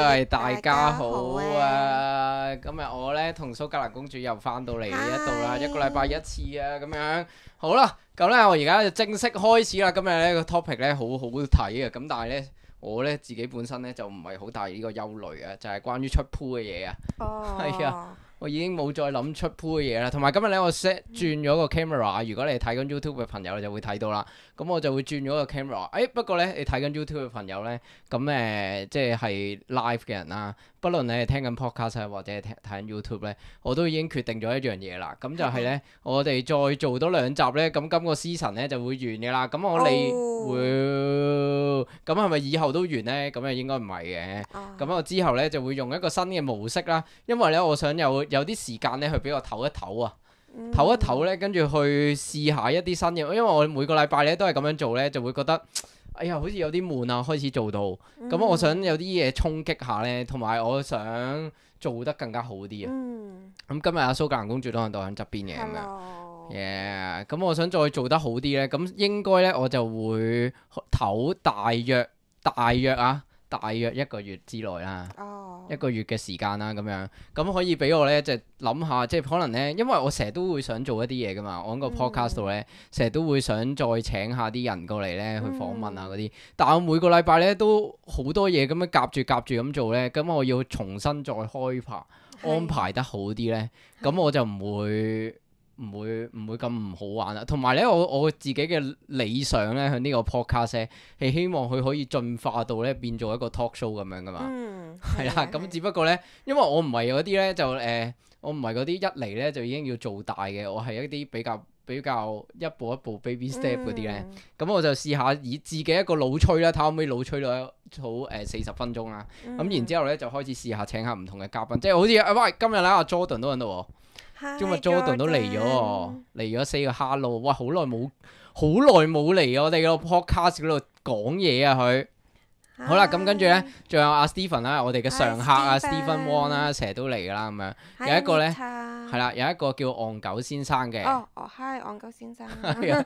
係，大家好啊！今日我呢同蘇格蘭公主又翻到嚟呢一度啦，Hi. 一個禮拜一次啊，咁樣好啦。咁呢我而家就正式開始啦。今日呢個 topic 好呢好好睇啊。咁但係呢我呢自己本身呢就唔係好大呢個憂慮啊，就係、就是、關於出 pool 嘅嘢啊。哦、oh. 哎呀，係啊。我已經冇再諗出 pool 嘅嘢啦，同埋今日咧我 set 轉咗個 camera，如果你睇緊 YouTube 嘅朋友你就會睇到啦。咁我就會轉咗個 camera，誒、哎、不過咧你睇緊 YouTube 嘅朋友咧，咁誒、呃、即係 live 嘅人啦、啊。不論你係聽緊 podcast 或者睇睇緊 YouTube 咧，我都已經決定咗一樣嘢啦。咁就係咧，我哋再做多兩集咧，咁今個 season 咧就會完嘅啦。咁我哋會，咁係咪以後都完咧？咁啊應該唔係嘅。咁我之後咧就會用一個新嘅模式啦。因為咧，我想有有啲時間咧去俾我唞一唞啊，唞一唞咧，跟住去試下一啲新嘅。因為我每個禮拜咧都係咁樣做咧，就會覺得。哎呀，好似有啲悶啊，開始做到，咁、嗯、我想有啲嘢衝擊下呢，同埋我想做得更加好啲、嗯、啊。咁今日阿蘇格蘭公主都喺度，喺側邊嘅咁樣，咁、yeah, 我想再做得好啲呢，咁應該呢，我就會唞大約大約啊。大約一個月之內啦，Oh. 一個月嘅時間啦，咁樣咁可以俾我呢，就係、是、諗下，即係可能呢，因為我成日都會想做一啲嘢噶嘛，我喺個 podcast 度呢，成日、mm. 都會想再請下啲人過嚟呢去訪問啊嗰啲，但我每個禮拜呢，都好多嘢咁樣夾住夾住咁做呢。咁我要重新再開拍，是安排得好啲呢。咁我就唔會。唔會唔會咁唔好玩啊！同埋咧，我我自己嘅理想咧，喺呢個 podcast 係希望佢可以進化到咧變做一個 talk show 咁樣噶嘛，係啦。咁只不過咧，因為我唔係嗰啲咧，就誒，我唔係嗰啲一嚟咧就已經要做大嘅。我係一啲比較比較一步一步 baby step 嗰啲咧。咁我就試下以自己一個腦吹啦，睇可唔可以腦吹到好誒四十分鐘啦！咁然之後咧就開始試下請下唔同嘅嘉賓，即係好似喂今日咧阿 Jordan 都喺度喎。今日 Jordan 都嚟咗，嚟咗 say 個 hello，哇！好耐冇，好耐冇嚟我哋個 podcast 嗰度講嘢啊佢。好啦，咁跟住咧，仲有阿 Stephen 啦，我哋嘅常客啊 Stephen Wong 啦，成日都嚟㗎啦咁樣，有一個咧。Hi, 係啦，有一個叫昂九先生嘅。哦，hi 昂狗先生。係啊、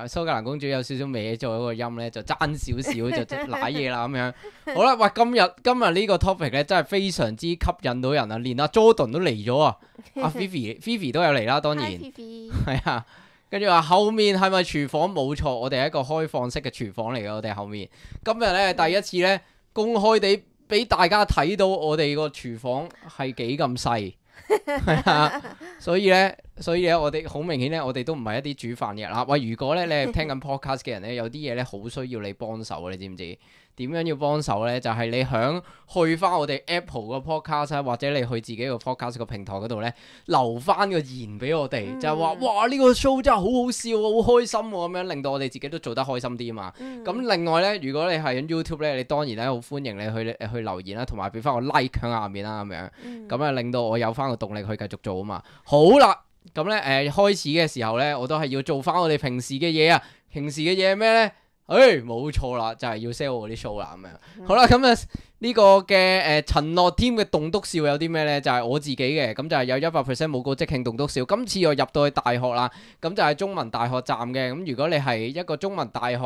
oh, oh, 蘇格蘭公主有少少歪咗個音咧，就爭少少就攋嘢啦咁樣。 好啦，哇，今日今日呢個 topic 咧真係非常之吸引到人啊，啊！連阿 Jordan 都嚟咗啊，阿 Vivi Vivi 都有嚟啦，當然係啊。跟住話，後面係咪廚房？冇錯，我哋係一個開放式嘅廚房嚟嘅，我哋後面今日咧第一次咧公開地俾大家睇到我哋個廚房係幾咁細。係啊， 所以咧，所以咧，我哋好明顯咧，我哋都唔係一啲煮飯嘅人啦。喂，如果咧你係聽緊 podcast 嘅人咧， 有啲嘢咧好需要你幫手啊，你知唔知？點樣要幫手呢？就係、是、你響去翻我哋 Apple 個 podcast、啊、或者你去自己個 podcast 個平台嗰度呢，留翻個言俾我哋，嗯、就係話哇呢、呢個 show 真係好好笑好開心啊咁樣，令到我哋自己都做得開心啲嘛。咁、嗯、另外呢，如果你係喺 YouTube 呢，你當然呢，好歡迎你去去留言啦、啊，同埋俾翻個 like 喺下面啦、啊、咁樣，咁啊、嗯、令到我有翻個動力去繼續做啊嘛。好啦，咁呢，誒、呃、開始嘅時候呢，我都係要做翻我哋平時嘅嘢啊，平時嘅嘢咩呢？誒冇，哎、錯啦，就係、是、要 sell 我啲 show 啦咁樣。 好啦，咁啊呢個嘅誒、呃、陳樂添嘅棟篤笑有啲咩呢？就係、是、我自己嘅，咁就係有一百 percent 冇稿即興棟篤笑。今次我入到去大學啦，咁就係中文大學站嘅。咁如果你係一個中文大學。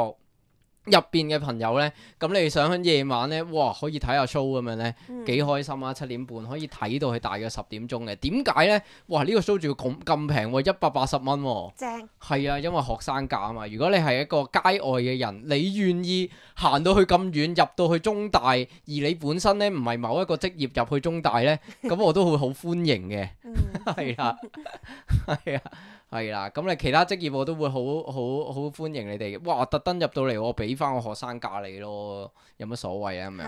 入邊嘅朋友呢，咁你想喺夜晚呢，哇可以睇下 show 咁樣呢，幾、嗯、開心啊！七點半可以睇到佢，大約十點鐘嘅，點解呢？哇呢、呢個 show 仲要咁咁平喎，一百八十蚊喎，正係啊，因為學生價啊嘛。如果你係一個街外嘅人，你願意行到去咁遠，入到去中大，而你本身呢唔係某一個職業入去中大呢，咁 我都會好歡迎嘅，係啦、嗯，係 啊。 係啦，咁你其他職業我都會好好好歡迎你哋嘅。哇，特登入到嚟，我俾翻個學生價你咯，有乜所謂啊咁樣？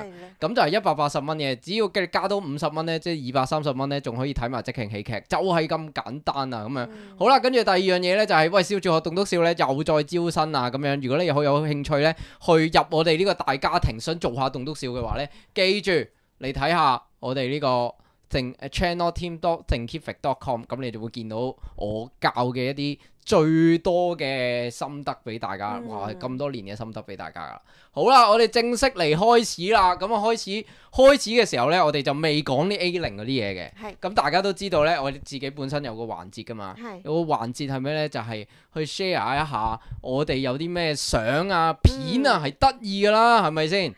咁的就係一百八十蚊嘅，只要加多五十蚊咧，即係二百三十蚊咧，仲可以睇埋即興喜劇，就係、是、咁簡單啊咁樣。嗯、好啦，跟住第二樣嘢咧就係、是，喂，笑住學棟篤笑咧又再招生啊咁樣。如果你好有興趣咧，去入我哋呢個大家庭，想做下棟篤笑嘅話咧，記住你睇下我哋呢、這個。定、uh, channelteam 多定 keepfit.com，咁你就會見到我教嘅一啲最多嘅心得俾大家，嗯、哇！咁多年嘅心得俾大家啦。好啦，我哋正式嚟開始啦。咁、嗯、啊，開始開始嘅時候咧，我哋就未講啲 A0 嗰啲嘢嘅。咁是大家都知道咧，我哋自己本身有個環節噶嘛。是有個環節係咩咧？就係、是、去 share 一下我哋有啲咩相啊、片啊係得意噶啦，係咪先？是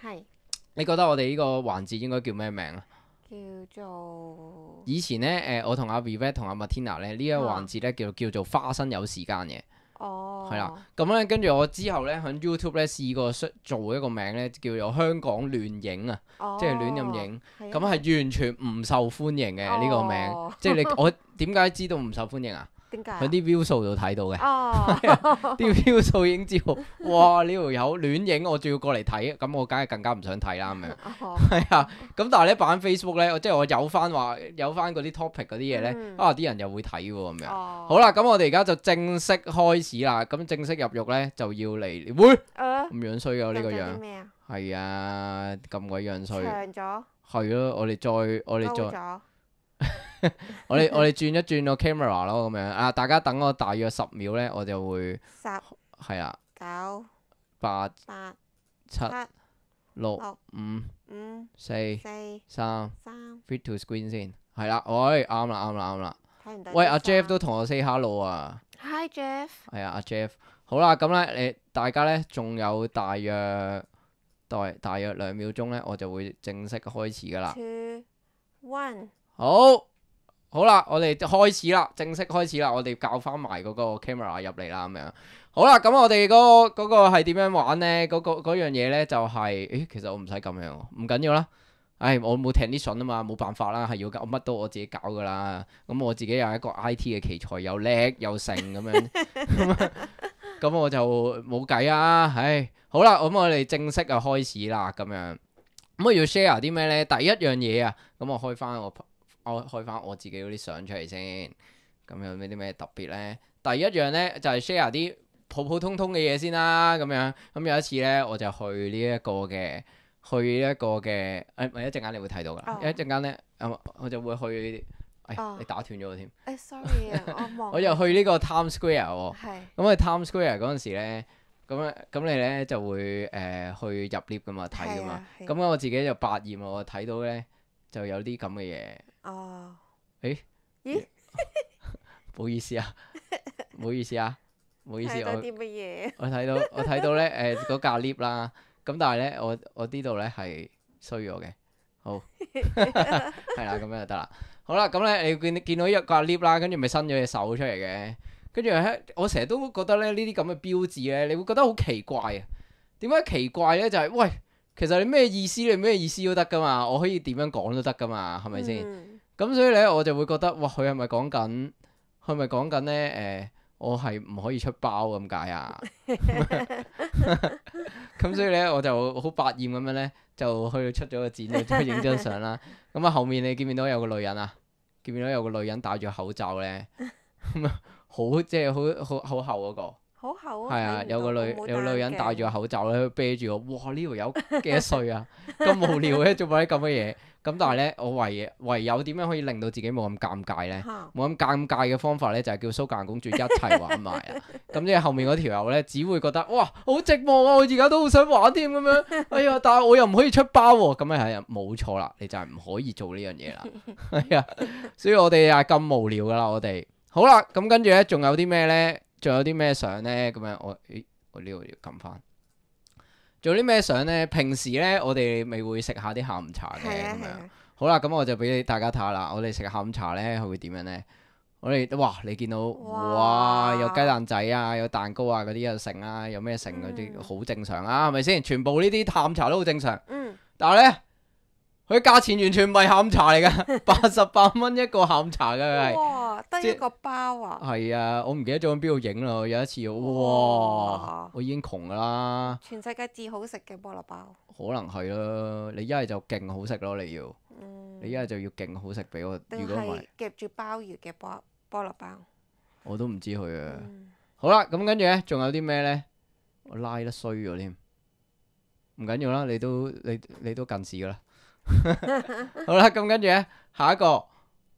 你覺得我哋呢個環節應該叫咩名啊？叫做以前咧，誒我同阿 Vivet 同阿麥天娜咧，這個、環節呢一個環節咧叫叫做花生有時間嘅，哦，係啦，咁咧跟住我之後咧響 YouTube 咧試過做一個名咧叫做香港亂影啊，即係亂咁影，咁係、哦、的完全唔受歡迎嘅呢、哦、個名，即係你我點解知道唔受歡迎啊？哦 喺啲 view 數度睇到嘅，啲 view 數已經知道，哇呢度有亂影，我仲要過嚟睇，咁我梗係更加唔想睇啦咁樣，係啊，咁但係呢版 Facebook 呢，即係我有翻話有翻嗰啲 topic 嗰啲嘢呢，啊啲人又會睇喎咁樣，好啦，咁我哋而家就正式開始啦，咁正式入獄呢，就要嚟會，咁樣衰啊呢個樣，係啊咁鬼樣衰，長咗，係咯，我哋再我哋再。我哋我哋轉一轉個 camera 咯，咁樣啊，大家等我大約十秒咧，我就會十係啊九八八七六五五四三三 fit to screen 先係啦，喂，啱啦啱啦啱啦，喂阿 Jeff 都同我 say hello 啊，Hi Jeff，係啊，阿 Jeff，好啦，咁咧你大家咧仲有大約待大約兩秒鐘咧，我就會正式開始噶啦好好啦，我哋開始啦，正式開始啦，我哋搞翻埋嗰個 camera 入嚟啦，咁、嗯、樣。好啦，咁、嗯、我哋嗰、那個嗰、那個係點樣玩呢？嗰、那個樣嘢呢就係、是，誒、欸，其實我唔使咁樣、啊，唔緊要啦。唉，我冇聽啲信啊嘛，冇辦法啦，係要搞乜都我自己搞噶啦。咁、嗯、我自己又一個 IT 嘅奇才，又叻又成咁樣，咁、嗯、 我就冇計啊。唉，好啦，咁、嗯、我哋正式啊開始啦，咁樣。咁、嗯、我要 share 啲咩呢？第一樣嘢啊，咁、嗯、我開翻我。我開翻我自己嗰啲相出嚟先，咁有咩啲咩特別呢？第一樣呢，就係 share 啲普普通通嘅嘢先啦，咁樣。咁有一次呢，我就去呢一個嘅，去呢一個嘅，誒、欸，一陣間你會睇到噶。哦、一陣間呢，我就會去，哎哦、你打斷咗我添、哎。Sorry, 我忘、哦。又去是呢個 Times Square 咁喺 Times Square 嗰陣時咧，咁樣咁你呢就會誒、呃、去入 lift 㗎嘛睇㗎嘛。咁、啊、我自己就發現我睇到呢，就有啲咁嘅嘢。啊，誒，咦，唔好意思啊，唔 好意思啊，唔好意思。睇到啲乜嘢？我我睇到我睇到咧，誒、呃、嗰架 lift 啦，咁但係咧，我我呢度咧係衰咗嘅。好，係 啦，咁樣就得啦。好啦，咁咧你見見到一架 lift 啦，跟住咪伸咗隻手出嚟嘅，跟住我成日都覺得咧呢啲咁嘅標誌咧，你會覺得好奇怪啊？點解奇怪咧？就係、是、喂，其實你咩意思？你咩意思都得噶嘛，我可以點樣講都得噶嘛，係咪先？咁所以咧，我就會覺得，哇！佢係咪講緊？佢係咪講緊咧？誒、呃，我係唔可以出包咁解啊？咁 所以咧，我就好百厭咁樣咧，就去了出咗個展去影張相啦。咁啊，後面你見唔見到有個女人啊？見唔見到有個女人戴住口罩咧？咁 啊，好即係好好厚嗰、那個。好厚啊！係 啊，有個女有，有個女人戴住口罩咧，佢啤住我。哇！呢條友幾多歲啊？咁無聊嘅、啊、做埋啲咁嘅嘢。 咁、嗯、但係咧，我唯唯有點樣可以令到自己冇咁尷尬咧？冇咁尷尬嘅方法咧，就係、是、叫蘇格蘭公主一齊玩埋啊！咁即係後面嗰條友咧，只會覺得哇，好寂寞啊！我而家都好想玩添咁樣。哎呀，但係我又唔可以出 pool 喎。咁樣係啊，冇、嗯、錯啦，你就係唔可以做呢樣嘢啦。係啊，所以我哋又咁無聊噶啦。我哋好啦，咁、嗯、跟住咧，仲有啲咩咧？仲有啲咩相咧？咁樣我咦我呢度要撳翻。做啲咩相呢？平時呢，我哋咪會食下啲下午茶嘅咁的樣。的好啦，咁我就俾你大家睇下啦。我哋食下午茶呢，佢會點樣呢？我哋哇，你見到哇，哇，有雞蛋仔啊，有蛋糕啊，嗰啲有剩啊，有咩剩嗰啲好正常啊，係咪先？全部呢啲下午茶都好正常。嗯，但係呢。佢價錢完全唔係下午茶嚟噶，八十八蚊一個下午茶噶，係哇，得是一個包啊！係啊，我唔記得咗喺邊度影啦。我有一次哇，哇我已經窮噶啦！全世界至好食嘅菠蘿包，可能係咯。你一係就勁好食咯，你要，你一係就要勁好食俾我。嗯、如果唔係夾住鮑魚嘅菠菠蘿包，我都唔知佢啊。嗯、好啦，咁跟住咧，仲有啲咩咧？我拉得衰咗添，唔緊要啦。你都你都你都近視噶啦。 好啦，咁跟住咧，下一個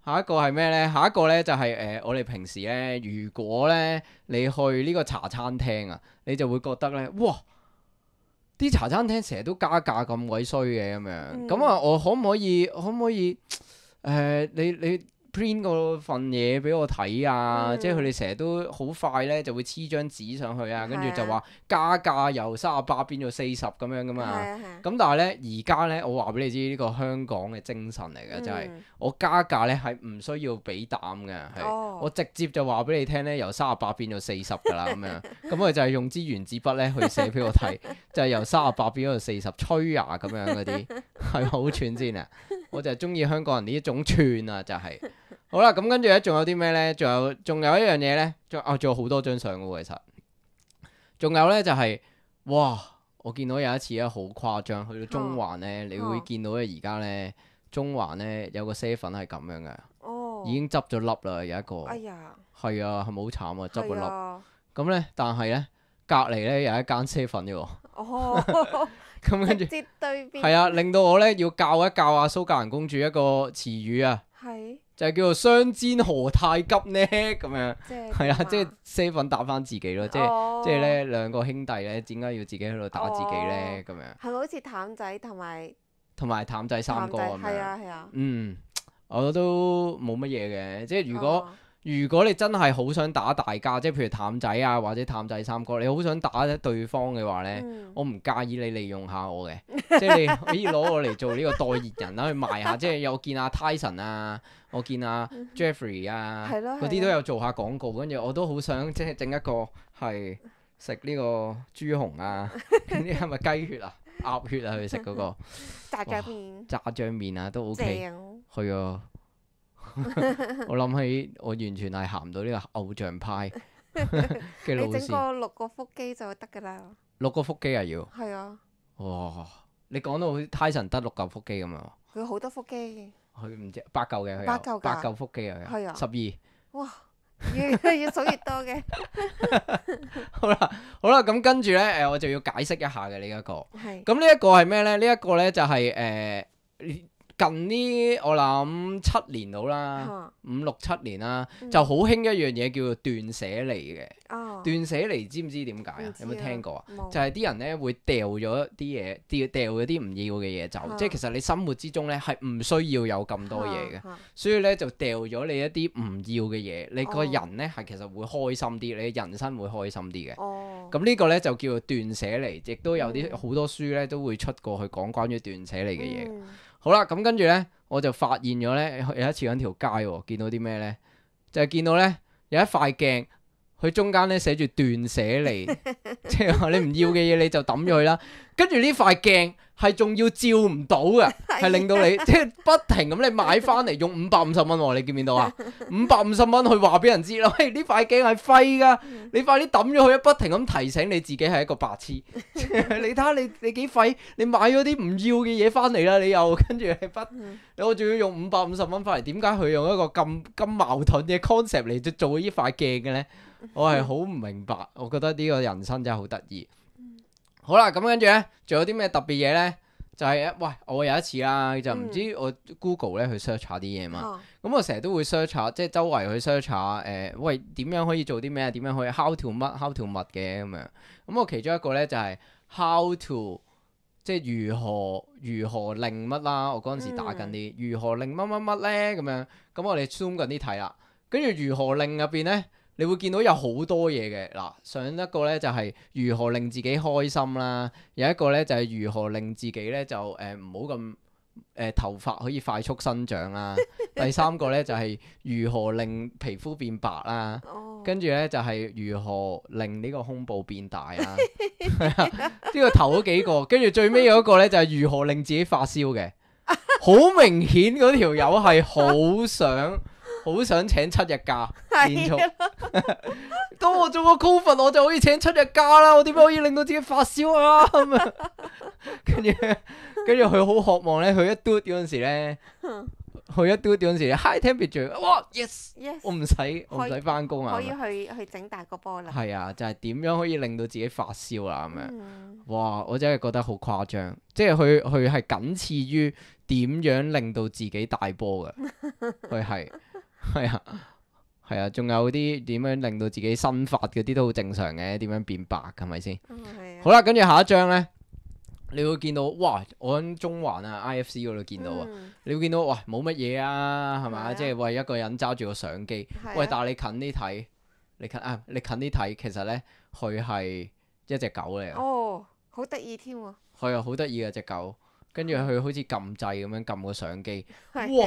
下一個係咩咧？下一個咧就係、是、誒、呃，我哋平時咧，如果咧你去呢個茶餐廳啊，你就會覺得咧，哇！啲茶餐廳成日都加價咁鬼衰嘅咁樣，咁、嗯、啊，我可唔可以可唔可以誒、呃，你你。print 個份嘢俾我睇啊！嗯、即係佢哋成日都好快咧，就會黐張紙上去啊，跟住、嗯、就話加價由三十八變到四十咁樣噶嘛。咁、嗯嗯、但係咧，而家咧我話俾你知呢、呢個香港嘅精神嚟嘅就係，我加價咧係唔需要俾膽嘅，係、哦、我直接就話俾你聽咧，由三十八變到四十㗎啦咁樣。咁佢就係用支原子筆咧去寫俾我睇， 就係由三十八變到四十，吹呀咁樣嗰啲係好串先啊！我就係中意香港人呢一種串啊、就係，就係。好啦，咁跟住咧，仲有啲咩呢？仲有,有，仲有一樣嘢呢？仲啊，仲有好多張相噶喎。其實仲有,有呢，就係、是、哇，我見到有一次咧，好誇張，去到中環呢，哦、你會見到咧，而家呢，中環呢，有個啡粉係咁樣嘅、哦、已經執咗粒啦，有一個，哎呀，係啊，係咪好慘啊？執咗粒咁、啊、呢。但係呢，隔籬呢有一間啡粉嘅喎哦，咁 跟住着絕對係啊，令到我呢要教一教阿蘇格蘭公主一個詞語啊，就係叫做相煎何太急呢？咁樣係啊，即係 seven 打翻自己咯，oh. 即係即係咧，兩個兄弟咧，點解要自己喺度打自己咧？咁、oh. 樣係咪好似譚仔同埋同埋譚仔三哥咁仔樣？係啊，係啊，啊嗯，我都冇乜嘢嘅，即係如果。Oh. 如果你真係好想打大家，即係譬如譚仔啊或者譚仔三哥，你好想打對方嘅話呢，我唔介意你利用下我嘅，即係你可以攞我嚟做呢個代言人啦，去賣下。即係有見阿 Tyson 啊，我見阿 Jeffrey 啊，嗰啲都有做下廣告，跟住我都好想即係整一個係食呢個豬紅啊，呢係咪雞血啊、鴨血啊去食嗰個，炸醬麵。炸醬麵啊，都 OK。正。係啊。 我諗起，我完全係行唔到呢個偶像派嘅路線 你整個六個腹肌就得噶啦。六個腹肌啊要？係是啊。哇！你講到好似泰臣得六嚿腹肌咁樣？佢好多腹肌。佢唔知，八嚿嘅，佢八嚿。八嚿腹肌啊！係啊。十二。哇！越越數越多嘅。 好啦，好啦，咁跟住咧，誒，我就要解釋一下嘅呢一個。係是。咁呢一、這個係咩咧？呢一個咧就係誒。近呢，我諗七年到啦，五六七年啦，就好興一樣嘢叫做斷捨離嘅。斷捨離，知唔知點解啊？有冇聽過啊？就係啲人咧會掉咗啲嘢，掉咗啲唔要嘅嘢走。即係其實你生活之中咧係唔需要有咁多嘢嘅，所以咧就掉咗你一啲唔要嘅嘢，你個人咧係其實會開心啲，你人生會開心啲嘅。咁呢個咧就叫做斷捨離，亦都有啲好多書咧都會出過去講關於斷捨離嘅嘢。好啦，咁跟住咧，我就發現咗咧，有一次喺條街喎，見到啲咩咧，就係見到咧有一塊鏡。佢中間咧寫住斷捨離，即係話你唔要嘅嘢你就抌咗佢啦。跟住呢塊鏡係仲要照唔到嘅，係令到你即係 不停咁你買翻嚟用五百五十蚊喎，你見唔見到啊？五百五十蚊去話俾人知啦，呢、哎、塊鏡係廢㗎，你快啲抌咗佢啦！不停咁提醒你自己係一個白痴， 你睇下你你幾廢？你買咗啲唔要嘅嘢翻嚟啦，你又跟住不，你 我仲要用五百五十蚊翻嚟？點解佢用一個咁咁矛盾嘅 concept 嚟做呢塊鏡嘅咧？我係好唔明白，我覺得呢個人生真係好得意。好啦，咁跟住呢，仲有啲咩特別嘢呢？就係、是、喂，我有一次啦，就唔知我 Google 呢去 search 下啲嘢嘛。咁、嗯嗯、我成日都會 search 下，即係周圍去 search 下誒，喂點樣可以做啲咩啊？點樣可以 how？how to 乜 how to 物嘅咁樣？咁、嗯、我其中一個呢，就係 how to 即係如何如何令乜啦。我嗰陣時打緊啲如何令乜乜乜呢？咁樣。咁、嗯、我哋 zoom 緊啲睇啦，跟住如何令入邊呢？你會見到有好多嘢嘅嗱，上一個呢就係、是、如何令自己開心啦；有一個呢就係、是、如何令自己呢就誒唔好咁誒頭髮可以快速生長啦。第三個呢就係、是、如何令皮膚變白啦，跟住呢就係、是、如何令呢個胸部變大啦、啊。呢 個頭嗰幾個，跟住最尾有一個呢就係、是、如何令自己發燒嘅。好明顯嗰條友係好想好 想，想請七日假，結束。 當我中咗 COVID，我就可以請七日假啦。我點樣可以令到自己發燒啊？咁樣、嗯，跟住跟住佢好渴望咧，佢一嘟嗰陣時咧，佢一嘟嗰陣時，high temp 哇 yes yes，我唔使我唔使翻工啊，可以去去整大個波啦。係啊，就係點樣可以令到自己發燒啊？咁樣，哇，我真係覺得好誇張，即係佢佢係僅次於點樣令到自己大波噶，佢係係啊。係啊，仲有啲點樣令到自己新髮嗰啲都好正常嘅，點樣變白，係咪先？嗯啊、好啦，跟住下一張呢，你會見到，哇！我喺中環啊，IFC 嗰度見到啊，嗯、你會見到，哇！冇乜嘢啊，係嘛？啊、即係喂一個人揸住個相機，啊、喂，但係你近啲睇，你近啊，你近啲睇，其實呢，佢係一隻狗嚟、哦、啊！哦，好得意添喎！係啊，好得意啊，隻狗。跟住佢好似撳掣咁樣撳個相機，的哇！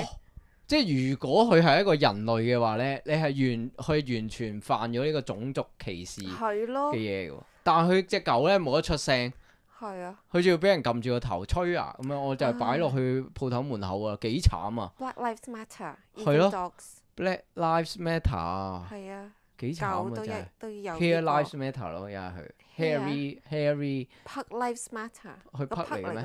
即係如果佢係一個人類嘅話咧，你係完佢完全犯咗呢個種族歧視嘅嘢喎。係啊。但係佢隻狗咧，冇得出聲，佢仲要俾人撳住個頭吹啊咁樣，我就係擺落去鋪頭門口啊，幾慘啊！Black lives matter，依啲狗。Black lives matter。係啊。幾慘啊！真係。Hair lives matter 咯，又係佢。Harry，Harry。Cut lives matter。佢 cut 嚟咩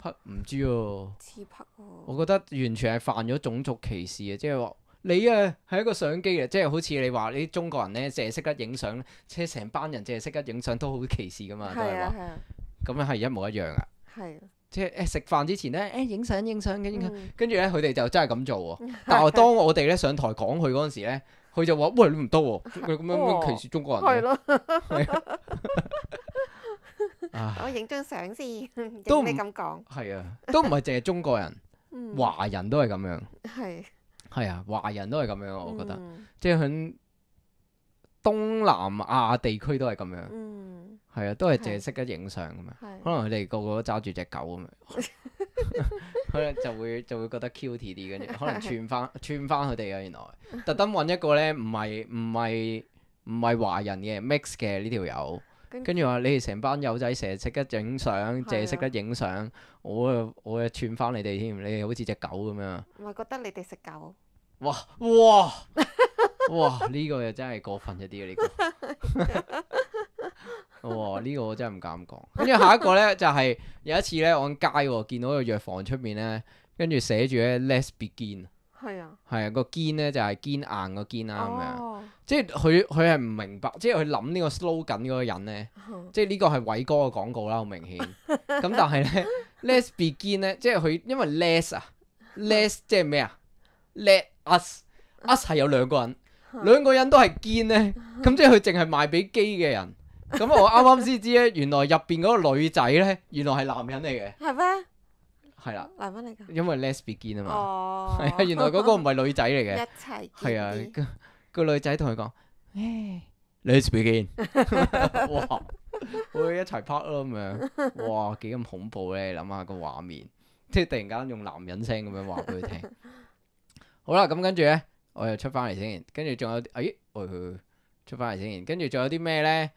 ？Cut 唔知喎。黐 cut 喎。我覺得完全係犯咗種族歧視啊！即係話你啊係一個相機啊，即係好似你話你啲中國人咧，淨係識得影相即係成班人淨係識得影相都好歧視㗎嘛，都係話。係係咁樣係一模一樣㗎。係。即係誒食飯之前咧，誒影相影相跟住，跟住咧佢哋就真係咁做喎。但係當我哋咧上台講佢嗰陣時咧。佢就話：喂，你唔多喎，佢咁樣咁歧視中國人。係咯、哦哦，我影張相先，都唔係咁講。係啊，都唔係淨係中國人， 華人都係咁樣。係、嗯，係啊，華人都係咁樣，嗯、我覺得，即係喺東南亞地區都係咁樣。嗯，係啊，都係淨係識得影相咁樣，嗯、可能佢哋個個都揸住隻狗咁樣。嗯 佢 就會就會覺得 cute 啲，跟住可能串翻 串翻佢哋啊，原來特登揾一個呢，唔係唔係唔係華人嘅 mix 嘅呢條友，跟住著話你哋成班友仔成日識得影相，成日識得影相，我又我又串翻你哋添，你哋好似隻狗咁樣。我覺得你哋食狗哇。哇哇哇！呢、 呢個又真係過分一啲啊！呢、呢個。 哦，呢、這個我真係唔敢講。跟住下一個咧，就係、是、有一次咧，我喺街、哦、見到個藥房出面咧，跟住寫住咧 l e s be n 係啊，係啊，個堅咧就係、是、堅硬個堅啦咁樣。哦、即係佢佢係唔明白，即係佢諗呢、嗯、個 slow 緊嗰個人咧，即係呢個係偉哥嘅廣告啦，好明顯。咁但係咧 l e s be n 咧，即係佢因為 l e、啊、s 啊 l e s 即係咩啊？Let us us 係有兩個人，兩 個人都係堅咧，咁即係佢淨係賣俾機嘅人。咁我啱啱先知咧，原來入邊嗰個女仔咧，原來係男人嚟嘅。係咩？係啦，男人嚟噶，因為 lesbian 啊嘛。哦。係啊，原來嗰個唔係女仔嚟嘅。一齊。係啊，個個女仔同佢講：，唉，lesbian，哇，會一齊拍咯咁樣。哇，幾咁恐怖咧！你諗下個畫面，即係突然間用男人聲咁樣話俾佢聽。好啦，咁跟住咧，我又出翻嚟先，跟住仲有，哎，我出翻嚟先，跟住仲有啲咩咧？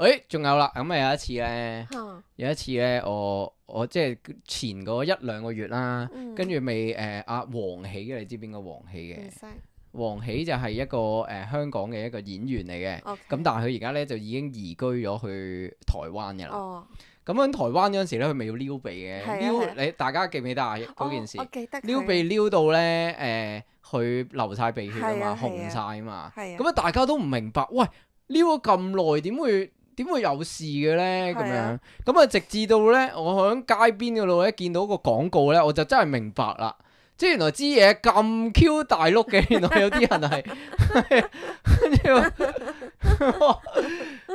誒，仲有啦，咁咪有一次咧，有一次咧，我我即係前嗰一兩個月啦，跟住未。誒阿黃喜，你知邊個黃喜嘅？唔識。黃喜就係一個誒香港嘅一個演員嚟嘅。咁但係佢而家咧就已經移居咗去台灣嘅啦。咁喺台灣嗰陣時咧，佢咪要撩鼻嘅，撩你大家記唔記得啊？嗰件事。我記得。撩鼻撩到咧誒，佢流晒鼻血啊嘛，紅晒啊嘛。咁啊，大家都唔明白，喂，撩咗咁耐，點會？點會有事嘅呢？咁樣咁啊！直至到呢，我喺街邊嗰度呢，見到個廣告呢，我就真係明白啦。即原來支嘢咁 Q 大碌嘅，原來有啲人係，跟住話，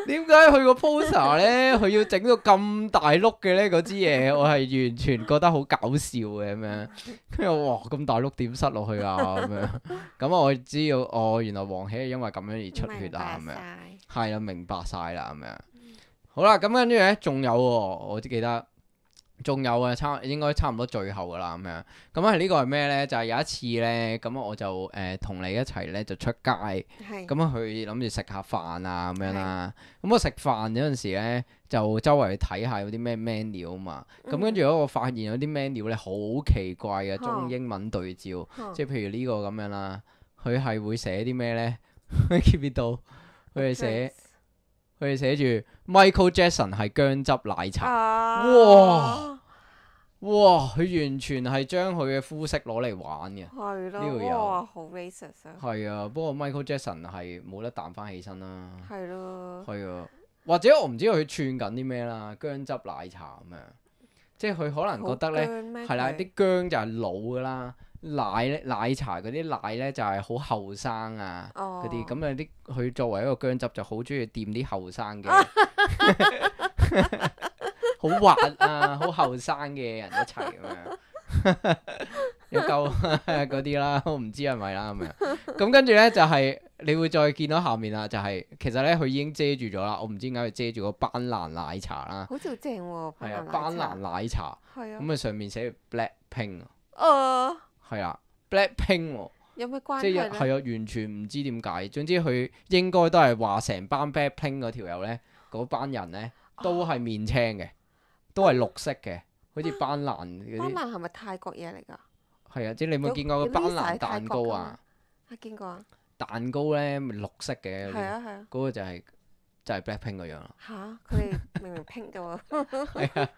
點解佢個 poster 咧，佢要整到咁大碌嘅咧？嗰支嘢我係完全覺得好搞笑嘅咁樣，跟住哇咁大碌點塞落去啊咁樣，咁我知啦，哦原來黃喜係因為咁樣而出血啊咁樣，係啦明白晒啦咁樣，好啦咁跟住咧仲有喎我只記得。仲有啊，差應該差唔多最後噶啦，咁樣。咁啊，呢個係咩呢？就係、是、有一次呢，咁我就誒同、呃、你一齊呢，就出街，咁樣是去諗住食下飯啊咁樣啦。咁是、嗯、我食飯嗰陣時咧，就周圍睇下有啲咩 menu 啊嘛。咁跟住我發現有啲 menu 呢，好奇怪嘅中英文對照，嗯、即係譬如這個這呢個咁樣啦，佢係會寫啲咩呢？Keep it down，佢會寫。佢哋寫住 Michael Jackson 係薑汁奶茶，哇、啊、哇！佢完全係將佢嘅膚色攞嚟玩嘅，呢個人哇好 racist 啊！係啊，不過 Michael Jackson 係冇得彈返起身啦。係啊，或者我唔知佢串緊啲咩啦，薑汁奶茶咁樣，即係佢可能覺得呢，係啦，啲薑就係老噶啦。奶咧奶茶嗰啲奶咧就係好後生啊，嗰啲咁啊啲佢作為一個薑汁就好鍾意掂啲後生嘅，好滑啊，好後生嘅人一齊咁樣，有 要夠嗰啲 啦，我唔知係咪啦咁樣。咁、嗯、跟住咧就係、是、你會再見到下面啊，就係、是、其實咧佢已經遮住咗啦，我唔知點解佢遮住個班蘭奶茶啦。好似好正喎，係啊，班蘭奶茶。係啊。咁 啊，上面寫 Black Pink。啊。Uh 係啦，Black Pink 喎，有咩關係？即係啊，完全唔知點解。總之佢應該都係話成班 Black Pink 嗰條友咧，嗰班人咧都係面青嘅，都係綠色嘅，好似班蘭啲。班蘭係咪泰國嘢嚟噶？係啊，即係你有冇見過個班蘭蛋糕啊？啊，見過啊！蛋糕咧，綠色嘅，嗰個就係就係 Black Pink 嗰樣咯。嚇！佢哋明明 Pink 噶喎。係啊，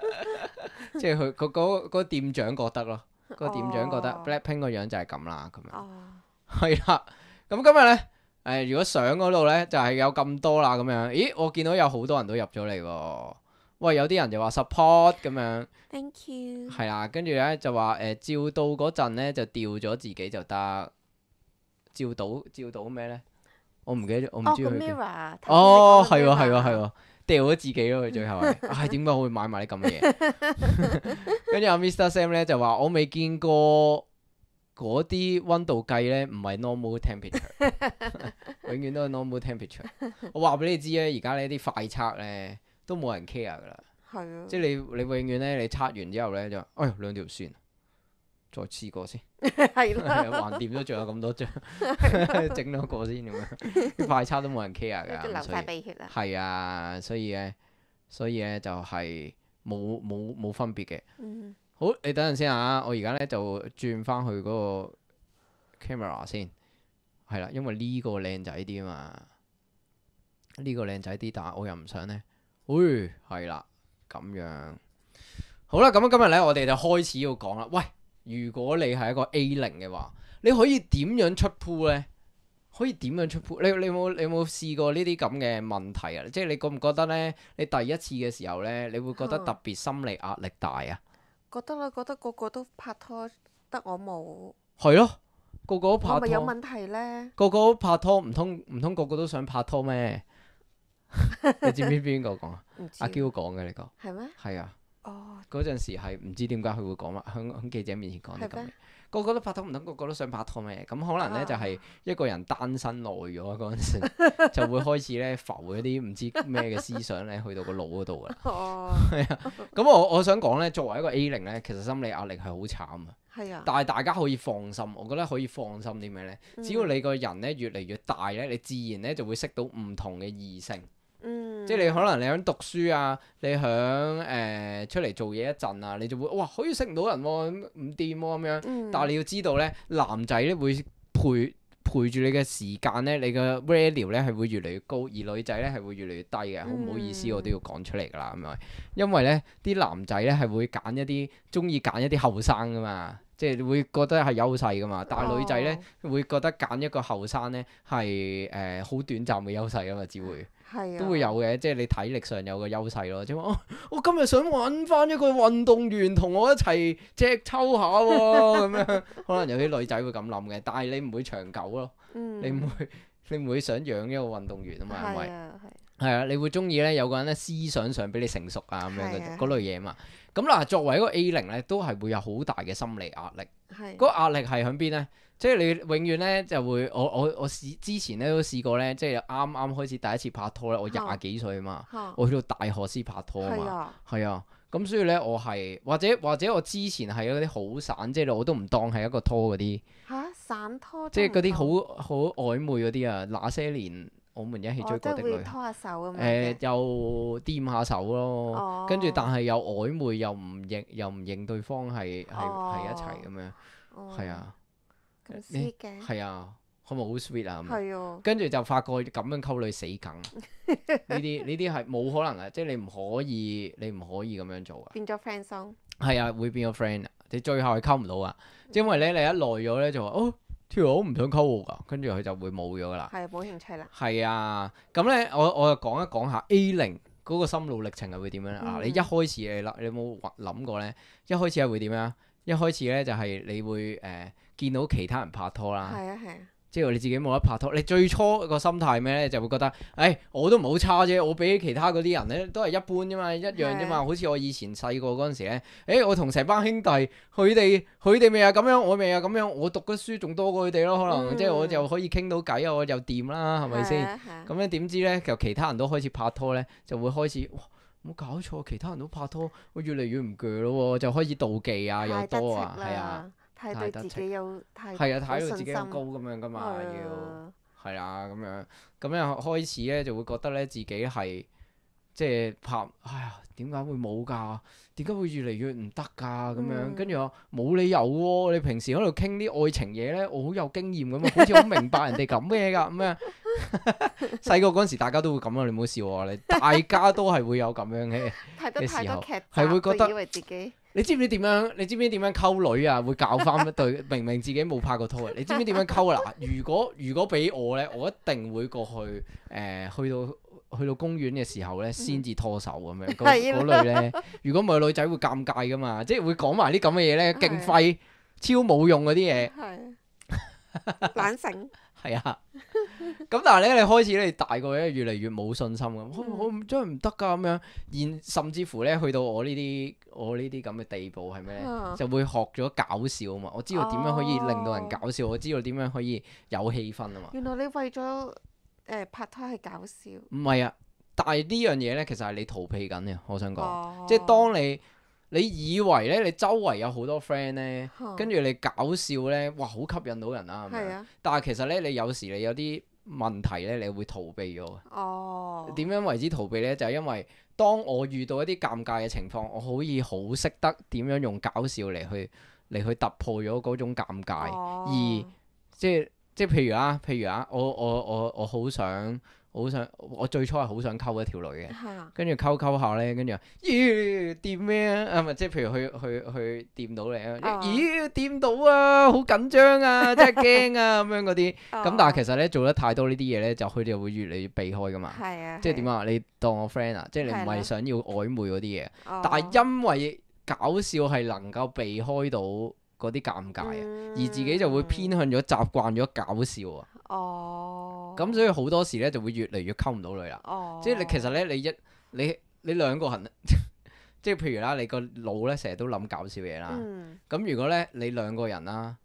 即係佢嗰嗰店長覺得咯。個店長覺得 Blackpink 個樣就係咁啦，咁樣係啦。咁、oh. 嗯、今日咧，誒、呃、如果相嗰度咧就係、是、有咁多啦，咁樣。咦，我見到有好多人都入咗嚟喎。喂，有啲人就話 support 咁樣，thank you、嗯。係啦，跟住咧就話誒、呃、照到嗰陣咧就掉咗自己就得。照到照到咩咧？我唔記得，我唔知佢、oh, the。哦，Miu 看看 哦，係喎 the mirror.，係喎，係喎。掉咗自己咯，佢最後係，唉，點解會買埋啲咁嘅嘢？跟 住阿 Mr. Sam 咧就話：我未見過嗰啲温度計咧唔係 normal temperature， 永遠都係 normal temperature。 我話俾你知咧，而家呢啲快測咧都冇人 care 噶啦，啊、即係你你永遠咧你測完之後咧就，哎唷兩條線。再試過先係咯 的，橫掂都仲有咁多張，整兩個先咁樣 快餐都冇人 care 㗎，流係啊，所以咧，所以咧就係冇冇冇分別嘅。嗯、好，你等陣先啊。我而家咧就轉翻去嗰個 camera 先係啦，因為呢個靚仔啲嘛，呢、呢個靚仔啲，但係我又唔想咧。誒、哎，係啦，咁樣好啦。咁今日咧，我哋就開始要講啦。喂！如果你係一個 A0 嘅話，你可以點樣出 pool 呢？可以點樣出 pool？你你冇你有冇試過呢啲咁嘅問題啊？即係你覺唔覺得呢？你第一次嘅時候呢，你會覺得特別心理壓力大啊、嗯？覺得啦，覺得個個都拍拖，得我冇。係咯，個個都拍。我咪有問題咧。個個都拍拖，唔通唔通個個都想拍拖咩 道、啊？你知唔知邊個講啊？阿嬌講嘅呢個。係咩？係啊。哦，嗰陣時係唔知點解佢會講乜，喺喺記者面前講啲咁嘅，嗎個個都拍拖唔通，個個都想拍拖咩？咁可能咧、啊、就係一個人單身耐咗嗰陣時，就會開始咧浮一啲唔知咩嘅思想咧， 去到個腦嗰度啦。哦，啊、 嗯。咁我我想講咧，作為一個 A 零咧，其實心理壓力係好慘啊。係啊。但係大家可以放心，我覺得可以放心啲咩咧？只要你個人咧越嚟越大咧，你自然咧就會識到唔同嘅異性。即係你可能你響讀書啊，你響誒、呃、出嚟做嘢一陣啊，你就會哇好似識唔到人喎、啊，咁唔掂喎咁樣。嗯、但係你要知道咧，男仔咧會陪陪住你嘅時間咧，你嘅 real 咧係會越嚟越高，而女仔咧係會越嚟越低嘅。好唔好意思，嗯、我都要講出嚟㗎啦，咁樣因為咧啲男仔咧係會揀一啲中意揀一啲後生噶嘛，即係會覺得係優勢噶嘛。但係女仔咧、哦、會覺得揀一個後生咧係誒好短暫嘅優勢㗎嘛，只會。都會有嘅，即係你體力上有個優勢咯。即係、啊、我今日想揾翻一個運動員同我一齊即抽下喎，咁 樣可能有啲女仔會咁諗嘅。但係你唔會長久咯，嗯、你唔會你唔會想養一個運動員啊嘛，係咪、嗯？係啊為，你會中意呢？有個人咧思想上比你成熟啊咁樣嗰嗰的類嘢啊嘛。咁嗱，作為一個 A0 咧，都係會有好大嘅心理壓力。係的。嗰壓力係喺邊呢？即係你永遠咧就會，我我我試之前咧都試過咧，即係啱啱開始第一次拍拖咧，我廿幾歲啊嘛，啊我去到大學先拍拖啊嘛，係啊，咁、啊、所以咧我係或者或者我之前係嗰啲好散，即、就、係、是、我都唔當係一個拖嗰啲嚇散拖，即係嗰啲好好曖昧嗰啲啊，那些年我們一起追過的女，啊、拖誒、呃、又掂下手咯，哦、跟住但係又曖昧又唔認又唔認對方係係係一齊咁樣，係啊。嗯。sweet 嘅啊，係咪好 sweet 啊？係啊，跟住就發覺咁樣溝女死梗，呢啲呢啲係冇可能啊！即係你唔可以，你唔可以咁樣做啊！變咗 friend s 係啊，會變咗 friend、嗯哦、啊！你最後係溝唔到啊，即係因為咧你一耐咗咧就話哦，條友唔想溝我噶，跟住佢就會冇咗噶啦，係冇興趣啦。係啊，咁咧我我又講一講下 A 零嗰個心路歷程係會點樣咧、嗯啊？你一開始你有冇諗過咧？一開始係會點樣？一開始咧就係你會誒。見到其他人拍拖啦，係啊係啊，即係你自己冇得拍拖。你最初個心態咩咧？就會覺得，誒我都唔好差啫，我比其他嗰啲人咧都係一般啫嘛，一樣啫嘛。好似我以前細個嗰陣時咧，誒我同成班兄弟，佢哋佢哋咪又咁樣，我咪又咁樣。我讀嘅書仲多過佢哋咯，可能即係我就可以傾到偈，我就掂啦，係咪先？咁樣點知咧，就其他人都開始拍拖咧，就會開始，哇冇搞錯，其他人都拍拖，我越嚟越唔攰咯，就開始妒忌啊，又多啊，係啊。係對自己有係啊，啊，睇到自己有高咁樣噶嘛，嗯、要係、嗯、啊，咁樣，咁樣開始咧就會覺得咧自己係。即係拍，哎呀，點解會冇噶？點解會越嚟越唔得噶？咁樣，跟住我冇理由喎、啊。你平時喺度傾啲愛情嘢咧，我好有經驗噶嘛，好似好明白人哋咁嘅嘢噶咁樣。細個嗰陣時，大家都會咁啊！你唔好笑我，你大家都係會有咁樣嘅嘅 多時候，係會覺得以為自己。你知唔知點樣？你知唔知點樣溝女啊？會教翻 一對明，明明自己冇拍過拖啊？你知唔知點樣溝啊？嗱， 如果如果俾我咧，我一定會過去誒、呃，去到。去到公園嘅時候咧，先至拖手咁樣嗰類咧。如果唔係女仔會尷尬噶嘛，即係會講埋啲咁嘅嘢咧，勁廢超冇用嗰啲嘢。係，懶性。係啊。咁但係咧，你開始你大個咧，越嚟越冇信心咁，好真係唔得噶咁樣。而甚至乎咧，去到我呢啲我呢啲咁嘅地步係咩？就會學咗搞笑啊嘛。我知道點樣可以令到人搞笑，我知道點樣可以有氣氛啊嘛。原來你為咗。誒、呃、拍拖係搞笑，唔係啊！但係呢樣嘢呢，其實係你逃避緊嘅。我想講，哦、即係當你你以為呢，你周圍有好多 friend 呢，嗯、跟住你搞笑呢，哇，好吸引到人啊，係、係啊，係咪？但係其實呢，你有時你有啲問題呢，你會逃避咗嘅。哦。點樣為之逃避呢？就係、係、因為當我遇到一啲尷尬嘅情況，我可以好識得點樣用搞笑嚟去嚟去突破咗嗰種尷尬，哦、而即係。即係譬如啊，譬如啊，我我我我好想好想，我最初係好想溝一條女嘅、啊，跟住溝溝下咧，跟住啊咦掂咩啊？唔係即係譬如去去去掂到你啊？哦、咦掂到啊？好緊張啊！ 真係驚啊！咁樣嗰啲咁，哦、但係其實咧做得太多呢啲嘢咧，就佢哋會越嚟越避開噶嘛。啊、即係點啊？你當我 friend 啊？即係你唔係想要曖昧嗰啲嘢，的但係因為搞笑係能夠避開到。嗰啲尷尬啊，嗯、而自己就會偏向咗、嗯、習慣咗搞笑啊，咁、哦、所以好多時咧就會越嚟越溝唔到女啦。哦、即係你其實咧，你一你你兩個人， 即係譬如啦，你個腦咧成日都諗搞笑嘢啦。咁、嗯、如果咧你兩個人啦，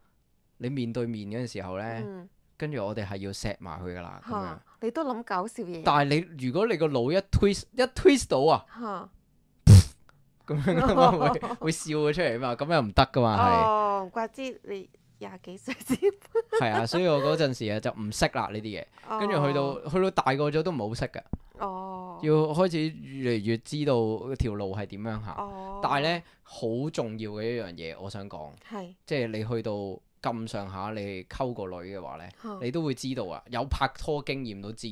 你面對面嗰陣時候咧，跟住、嗯、我哋係要錫埋佢噶啦。啊、咁樣你都諗搞笑嘢。但係你如果你個腦一 twist 一 twist 到啊。咁 樣會會笑咗出嚟啊嘛，咁又唔得噶嘛，係哦、oh, 是，唔怪知你廿幾歲先係啊，所以我嗰陣時啊就唔識啦呢啲嘢，跟住、oh. 去到去到大個咗都唔好識噶，oh. 要開始越嚟越知道條路係點樣行，oh. 但係呢，好重要嘅一樣嘢，我想講是即係你去到咁上下，你溝個女嘅話呢，你都會知道啊，有拍拖經驗都知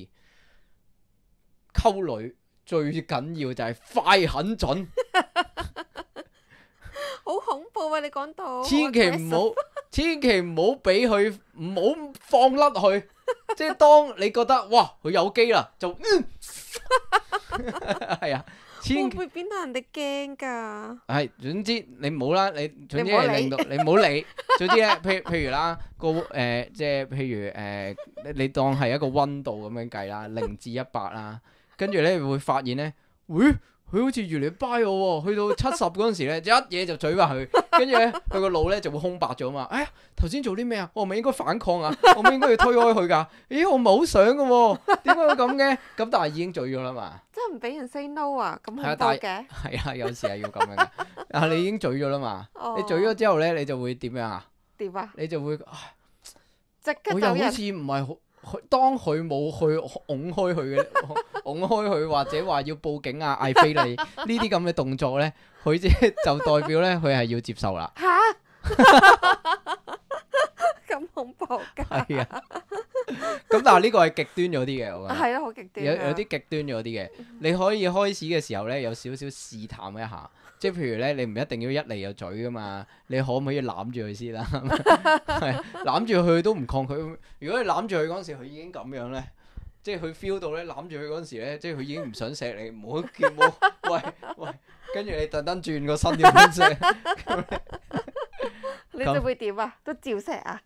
溝女。最緊要就係快狠準，好恐怖啊！你講到，千祈唔好，千祈唔好俾佢唔好放甩佢。即係當你覺得哇佢有機啦，就嗯，係啊，千會變到人哋驚㗎。係，總之你唔好啦，你總之係令到你唔好理。總之咧，譬如譬如啦，個誒即係譬如誒，你當係一個温度咁樣計啦，零至一百啦。跟住咧會發現咧，會、欸、佢好似越嚟越掰我、哦，去到七十嗰陣時咧，一嘢就咀巴佢。跟住咧，佢個腦咧就會空白咗嘛。哎，呀，頭先做啲咩啊？我咪應該反抗啊？我咪應該要推開佢噶？咦、欸，我唔係好想噶、哦，點解會咁嘅？咁但係已經咀咗啦嘛。真係唔俾人 say no 啊？咁好多嘅。係啊，但有時係要咁樣。但係你已經咀咗啦嘛。你咀咗之後咧，你就會點樣啊？點啊、哦？你就會即刻走人，我又好似唔係好。佢當佢冇去擁開佢嘅，擁開佢 或者話要報警啊，嗌非禮呢啲咁嘅動作咧，佢即就代表咧，佢係要接受啦。嚇！咁恐怖㗎！係啊！咁但係呢個係極端咗啲嘅，我覺得係啊，好 極端。有啲極端咗啲嘅，你可以開始嘅時候咧，有少少試探一下。即係譬如咧，你唔一定要一嚟就嘴噶嘛，你可唔可以攬住佢先啦，啊？係攬住佢都唔抗拒。如果你攬住佢嗰時，佢已經咁樣咧，即係佢 feel 到咧，攬住佢嗰時咧，即係佢已經唔想錫你，唔好叫唔好喂喂，跟住你特登轉個身點先？你哋會點啊？都照錫啊？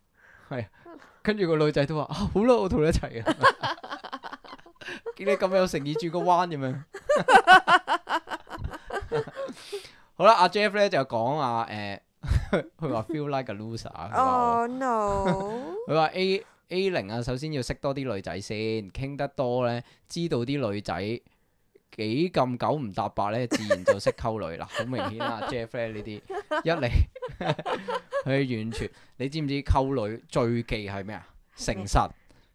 係。跟住個女仔都話，啊：好啦，我同你一齊啊！ 見你咁有誠意，轉個彎咁樣。 好啦，阿 Jeff 咧就講啊，誒、欸，佢話 feel like a loser。哦、 oh,，no！佢話 A A 零啊，首先要識多啲女仔先，傾得多咧，知道啲女仔幾咁九唔搭八咧，自然就識溝女啦。好 明顯 啊，Jeff 咧呢啲一嚟佢 完全，你知唔知溝女最忌係咩啊？誠實。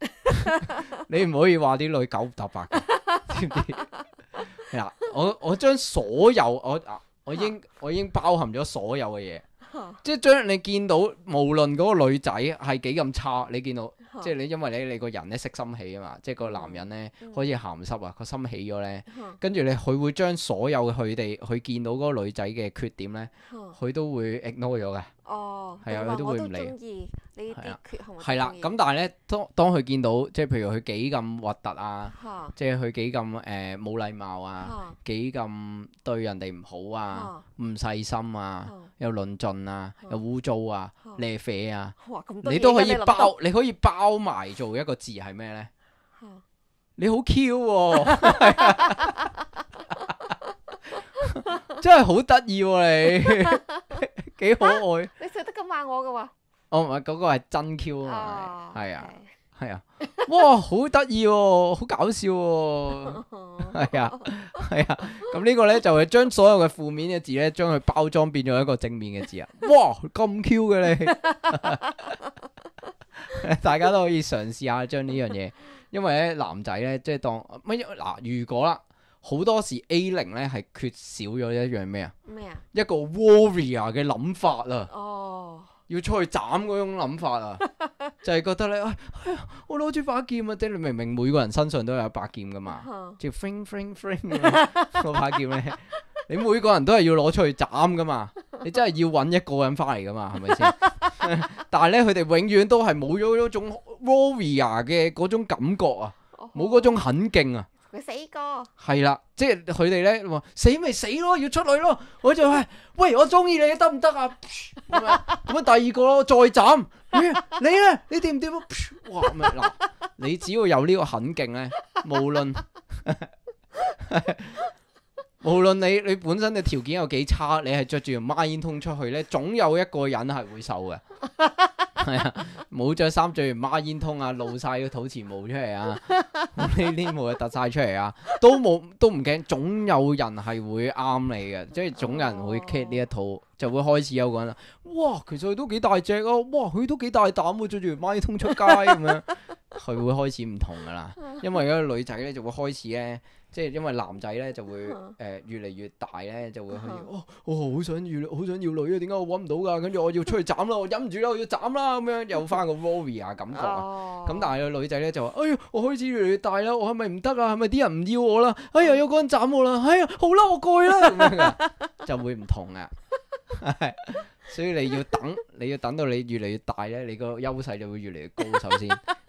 你唔可以話啲女狗搭白嘅， 知唔道知？嗱， 我我將所有我我應我應包含咗所有嘅嘢， 即係將你見到無論嗰個女仔係幾咁差，你見到即係你因為你你個人咧識心起啊嘛，即係個男人咧、嗯、可以鹹濕啊，個心起咗咧，跟住你佢會將所有佢哋佢見到嗰個女仔嘅缺點咧，佢都會 ignore 咗嘅。哦，咁啊，佢都會唔理。啲係啦，咁但係咧，當當佢見到，即係譬如佢幾咁核突啊，即係佢幾咁誒冇禮貌啊，幾咁對人哋唔好啊，唔細心啊，又論盡啊，又污糟啊，瀨屎啊，你都可以包，你可以包埋做一個字係咩咧？你好 Q 喎，真係好得意喎你！幾可愛，啊、你成得咁話我噶喎！我唔係嗰個係真 Q、oh, 啊，嘛？係啊，係啊，哇，好得意喎，好搞笑喎、哦，係、oh, 啊，係啊，咁、嗯這個、呢個咧就係、是、將所有嘅負面嘅字咧，將佢包裝變咗一個正面嘅字啊！哇，咁 Q 嘅你， 大家都可以嘗試下將呢樣嘢，因為咧男仔咧即係當乜嘢嗱、啊，如果啦。好多時 A 零咧係缺少咗一樣咩啊？咩啊麼？一個 warrior 嘅諗法啊！哦、要出去斬嗰種諗法啊， 就係覺得你，哎哎、我攞住把劍啊！即係你明明每個人身上都有把劍噶嘛，叫係 fing fing fing 攞把劍咧、啊，你每個人都係要攞出去斬噶嘛，你真係要搵一個人翻嚟噶嘛，係咪先？但係咧，佢哋永遠都係冇咗嗰種 warrior 嘅嗰種感覺啊，冇嗰種狠勁啊！佢死過，係啦，即係佢哋咧話死咪死咯，要出去咯。我就喂，我中意你得唔得啊？咁 樣第二個咯，再斬、yeah, 你咧，你掂唔掂？哇！咁嗱， 你只要有呢個狠勁咧，無論。 無論你你本身嘅條件有幾差，你係着住孖煙通出去咧，總有一個人係會受嘅。係 啊，冇着衫，着住孖煙通啊，露晒個肚臍毛出嚟啊，呢啲毛啊突晒出嚟啊，都冇都唔驚，總有人係會啱你嘅，oh. 即係總有人會 get 呢一套，就會開始有個人啦。哇，其實佢都幾大隻啊！哇，佢都幾大膽啊，着住孖煙通出街咁樣，佢 會開始唔同噶啦。因為而家女仔咧就會開始咧。即係因為男仔咧就會誒、呃、越嚟越大咧就會去、啊、哦，我好想要好想要女啊，點解我揾唔到噶？跟住我要出去斬啦， 我忍唔住啦，我要斬啦咁樣又有翻個 warrior 感覺啊。咁、哦、但係個女仔咧就話：哎呀，我開始越嚟越大啦，我係咪唔得啊？係咪啲人唔要我啦？哎呀，有個人斬我啦！哎呀，好啦，我過去啦，咁樣噶就會唔同啊。 所以你要等，你要等到你越嚟越大咧，你個優勢就會越嚟越高。首先。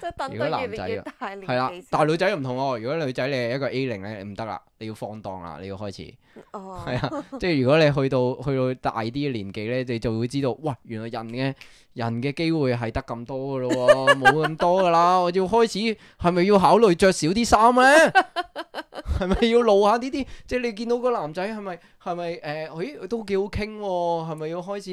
即係等多越嚟越係啦的。但係 女仔又唔同哦。如果女仔你係一個 A 零咧，唔得啦，你要放蕩啦，你要開始。哦，係啊，即係如果你去到去到大啲嘅年紀咧，你就會知道，哇，原來人嘅人嘅機會係得咁多噶咯，冇咁 多噶啦。我要開始係咪要考慮着少啲衫咧？係咪 要露下呢啲？即係你見到個男仔係咪係咪誒？咦，都幾好傾喎。係咪要開始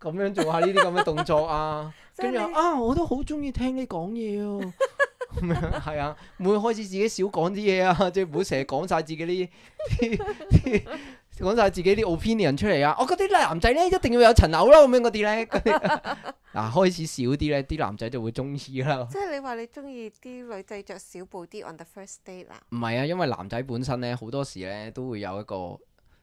咁樣做下呢啲咁嘅動作啊？ 跟住啊，我都好中意聽你講嘢、哦、 啊。咁樣係啊，唔會開始自己少講啲嘢啊，即係唔好成日講晒自己啲啲啲講曬自己啲 opinion 出嚟啊。我覺得啲男仔咧一定要有層樓咯，咁樣嗰啲咧啲嗱開始少啲咧，啲男仔就會中意啦。即係你話你中意啲女仔着少布啲 on the first date 啦？唔係啊，因為男仔本身咧好多時咧都會有一個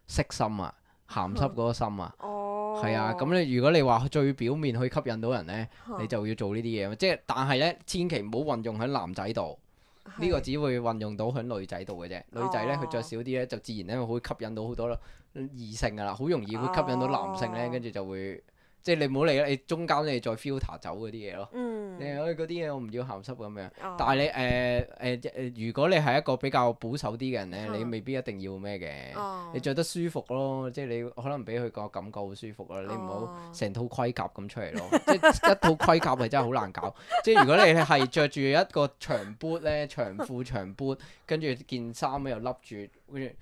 色心啊。鹹濕嗰個心啊，係、哦、啊，咁你如果你話最表面去吸引到人呢，哦、你就要做呢啲嘢。即係但係呢，千祈唔好運用喺男仔度，呢，係，個只會運用到喺女仔度嘅啫。女仔呢，佢着少啲呢，就自然呢會吸引到好多咯異性㗎啦，好容易會吸引到男性呢，跟住就會。即係你唔好理啦，你中間你再 filter 走嗰啲嘢咯。嗯、你色色、哦、你嗰啲嘢我唔要鹹濕咁樣。但係你誒誒如果你係一個比較保守啲嘅人咧，嗯、你未必一定要咩嘅。哦、你着得舒服咯，即係你可能俾佢個感覺好舒服啊！哦、你唔好成套盔甲咁出嚟咯。哦、即係一套盔甲係真係好難搞。 即係如果你係着住一個長 boot 咧，長褲長 boot，跟住件衫又笠住，跟住。跟